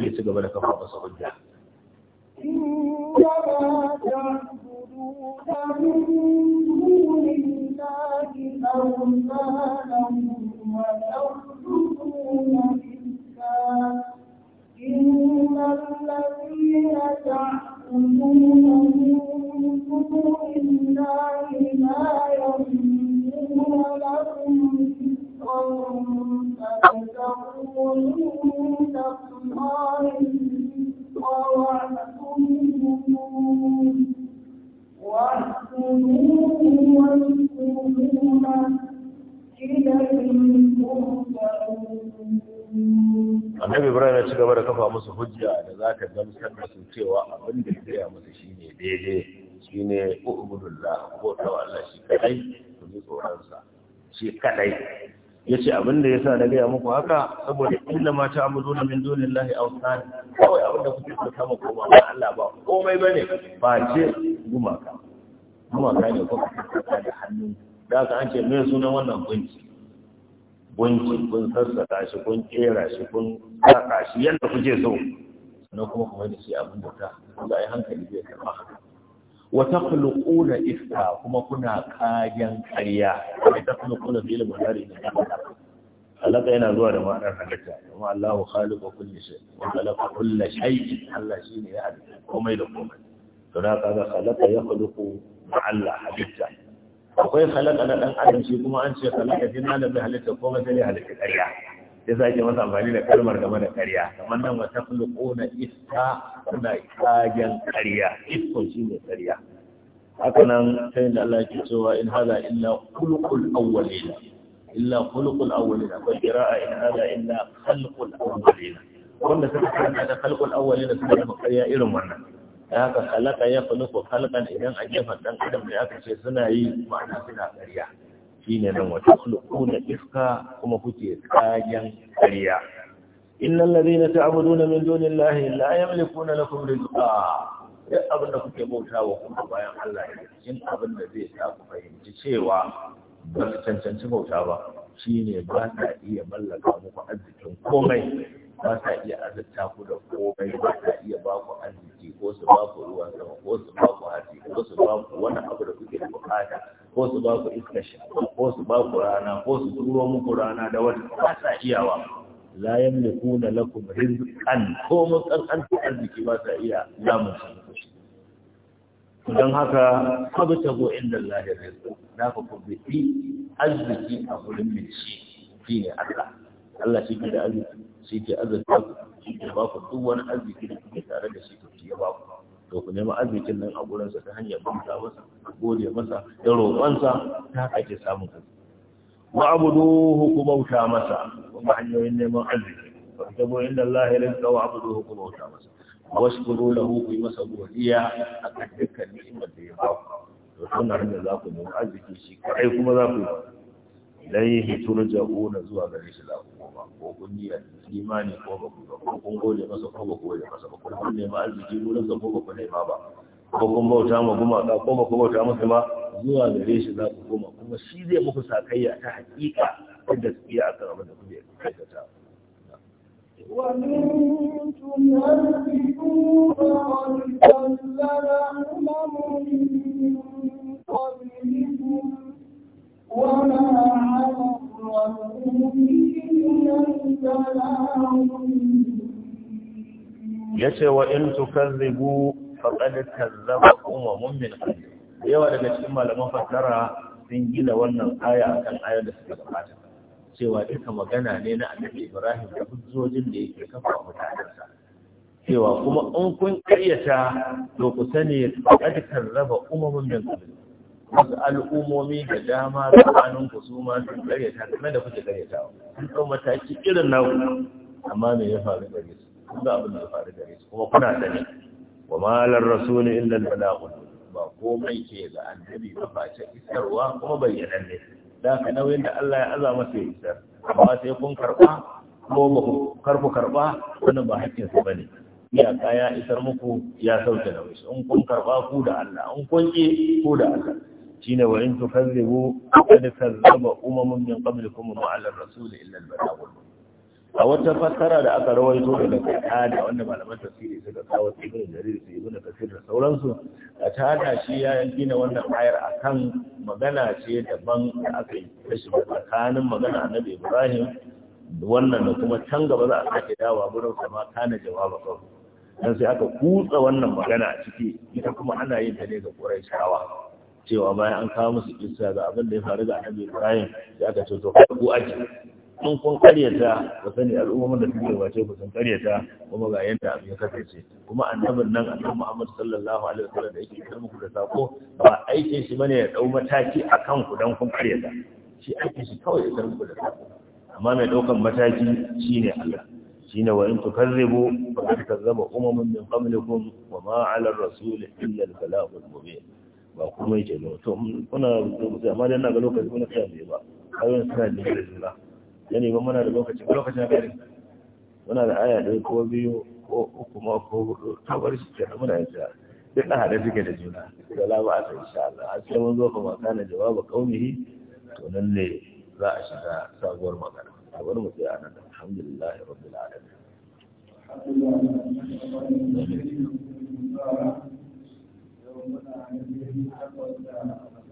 ya ci gaba da kafa masa hujja إنما تعبدون وأغفارهم abinda ya sa na gaya muku haka saboda illa ma ta amudu na min dunin lahi a wasani kawai abinda kuke su kama koma ba Allah ba komai ba ne ba ce gumaka gumaka ne kuma kuka da hannu da aka an ce mai sunan wannan bunci? Bunci kun sassaka shi kun kera shi kun saka shi yadda kuke so sannan kuma kuma da shi abin ta? za a yi hankali zai karɓa haka wata kulukuna ifta kuma kuna kayan karya wata kulukuna bilin mutane da ya halaka yana zuwa da ma'anar halitta kuma Allahu khaliqu kulli shay wa khalaqa kulla shay Allah shine ya halitta komai da komai to da kaga khalaqa ya khuluqu Allah halitta akwai khalaqa na dan adam shi kuma an ce khalaqa din adam bai halitta ko komai sai halitta ƙarya sai sai ke masa amfani da kalmar game da ƙarya kamar nan wa takhluquna iska kuna kagen ƙarya iskon shine ƙarya haka nan sai da Allah ya ce cewa in hada illa khuluqul awwalin illa khuluqul awwalina wa qira'a in hada illa khalqul awwalina wanda suka karanta da khalqul awwalina suka da ƙarya irin wannan da haka khalaqa ya khuluqu khalqan idan a gefen dan adam da aka ce suna yi ma'ana suna ƙarya shine nan wata khuluquna iska kuma kuke kayan ƙarya innal ladina ta'buduna min dunillahi la yamlikuna lakum rizqa duk abin da kuke bauta wa kuma bayan Allah ya cikin abin da zai sa ku fahimci cewa ba su cancanci bauta ba shi ne ba sa iya mallaka muku arzikin komai ba sa iya arzikta ku da komai ba sa iya ba ku arziki ko su ba ku ruwan sama ko su ba ku hatsi ko su ba ku wani abu da kuke bukata ko su ba ku iska shi ko su ba ku rana ko su turo muku rana da wata ba sa iyawa la yamlikuna lakum rizqan ko mun kan arziki ba sa iya lamunci don haka abu ta go inda lahir rizqu da ka kubbiti arziki a wurin mace shi ne Allah Allah shi ke da arziki shi ke arziki shi ke ba ku duk wani arziki da kuke tare da shi kuke ya ba ku to ku nema arzikin nan a gurinsa ta hanyar bauta masa gode masa da roƙonsa ta ake samun arziki wa duhu ku bauta masa kuma hanyoyin neman arziki ku tabu inda lahir rizqa wa duhu ku bauta masa washkuru lahu ku yi masa godiya a kan dukkan ni'imar da ya ba to suna hanyar za ku mu arziki shi kai kuma za ku yi. ilaihi turja'una zuwa gare shi za ku koma ko kun yi imani ko ba ku ko kun gode masa ko ba ku gode masa ko kun nemi arziki gurin sa ko ba ku nema ba ko kun bauta ma kuma ka ko ba ku bauta masa ba zuwa gare shi za ku koma kuma shi zai muku sakayya ta hakika ta gaskiya akan abin da kuke aikata yace wa in tukazzibu faqad kazzaba umamun min qabl yawa daga cikin malaman fassara sun gina wannan aya akan ayar da suka gabata cewa duka magana ne na annabi Ibrahim da hujjojin da yake kafa mutanensa cewa kuma in kun karyata to ku sani kad raba umumin da Kuma wasu al'umomi da dama tsakanin ku su ma sun karyata kuma da kuke karyatawa sun ɗau mataki irin naku amma me ya faru da su kun ga abin da ya faru da su kuma kuna sani wa malar rasuli illa al-balagh ba komai ke ga annabi ba face isarwa kuma bayyanan ne da ka nauyin da Allah ya azama masa ya isar amma sai kun karɓa ko ba ku karku karɓa wannan ba hakkin su ne. iyaka ya isar muku ya sauke nauyi in kun karɓa ku da Allah in kun ki ku da Allah shine wa in tukazzibu qad kazzaba umamun min qablikum wa ala illa al-balagh a wata fassara da aka rawaito daga da wanda malaman tafsiri suka kawo tsibirin jarir su ibnu kasir da sauransu qatada shi ya gina wannan ayar akan magana ce daban da aka yi tashi shi tsakanin magana annabi ibrahim wannan da kuma can gaba za a sake dawa gurin sa ma kana jawaba ba, dan sai aka kutsa wannan magana a ciki ita kuma ana yin ta ne ga quraishawa cewa bayan an kawo musu isa ga abin da ya faru ga annabi ibrahim sai aka ce to ku aji in kun karyata ka sani al'ummar da suke wace ku sun karyata kuma ga yadda abin ya kasance kuma annabin nan annabi Muhammad sallallahu alaihi wasallam da yake kira muku da sako ba aike shi bane ya dau mataki akan ku dan kun karyata shi aike shi kawai ya muku da sako amma mai daukan mataki shine Allah shine wa in tukarribu faqad kazzaba umamun min qablikum wa ma 'ala ar-rasul illa al-balagh mubin ba kuma yake ba to kuna amma dan na ga lokaci kuna kai ba ayoyin suna da juna ya neman muna da lokacin lokacin gari muna da aya ɗaya ko biyu ko uku ma ko hudu ta bar shi kenan muna yin ta duk na haɗe suke da juna da laba a insha Allah a cikin mun zo fa ma kana jawaba qaumihi to nan ne za a shiga sabuwar magana a bari mu tsaya nan alhamdulillah rabbil alamin Thank you.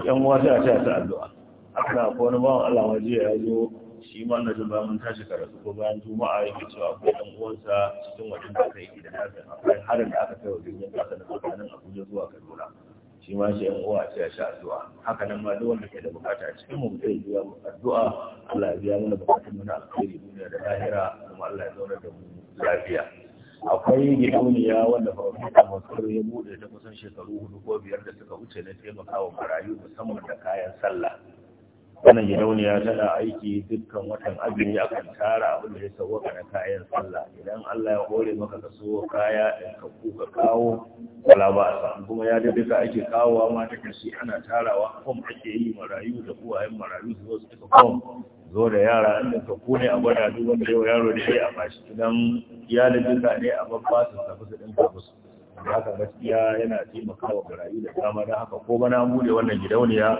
yan wata a ta addu'a na ko wani bawan Allah jiya ya zo shi ma na jin mun tashi karatu ko bayan juma'a yake cewa ko dan uwansa cikin wajen da kai ya san akwai harin da aka kai wa jirgin kasa na tsakanin Abuja zuwa Kaduna shi ma shi yan uwa a ya sha addu'a haka nan ma duk wanda ke da bukata cikin mu zai biya mu addu'a Allah ya biya mana bukatun mu na alheri duniya da lahira kuma Allah ya zauna da mu lafiya akwai gidauniya wanda wani kamar ya bude ta kusan shekaru hudu ko biyar da suka wuce na taimakawa marayu musamman da kayan sallah wannan gidauniya tana aiki dukkan watan azumi akan tara abin da ya sauwaka na kayan sallah idan Allah ya hore maka ka so kaya in ka kuka kawo wala ba kuma ya dade ka ake kawowa ma ta kashi ana tarawa kom ake yi marayu da uwayen marayu su zo su ka kom zo da yara inda ka kone a gwada duk wanda yau yaro da ya a bashi idan iyalin duka ne a babba su tafi su ɗin tafi su haka gaskiya yana taimakawa barayi da dama don haka ko bana bude wannan gidauniya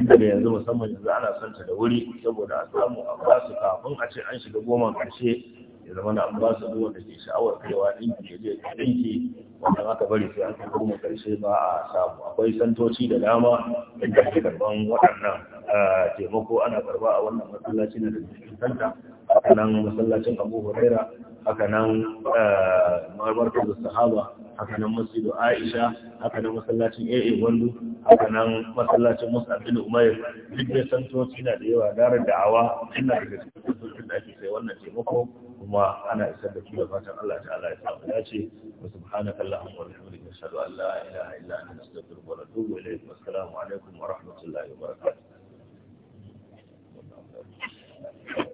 inda da yanzu musamman yanzu ana son ta da wuri saboda a samu a ba su kafin a ce an shiga goma karshe ya zama na an ba su da ke sha'awar kaiwa ɗinki ya je ɗinki wannan aka bari sai an kai goma karshe ba a samu akwai santoci da dama inda ake karɓar waɗannan eh, taimako ana karba a wannan masallaci na da cikin santa nan masallacin abu huraira Hakanan nan eh, da sahaba hakanan nan masjidu aisha hakanan masallacin aa wando haka nan masallacin musabin umar duk da santoci na da yawa darar da'awa ina daga cikin da ake sai wannan taimako kuma ana isar da kiwa fatan allah ta'ala ya samu dace wa subhanaka wa bihamdika ashhadu an la ilaha illa anta astaghfiruka wa atubu assalamu alaikum wa rahmatullahi wa barakatuh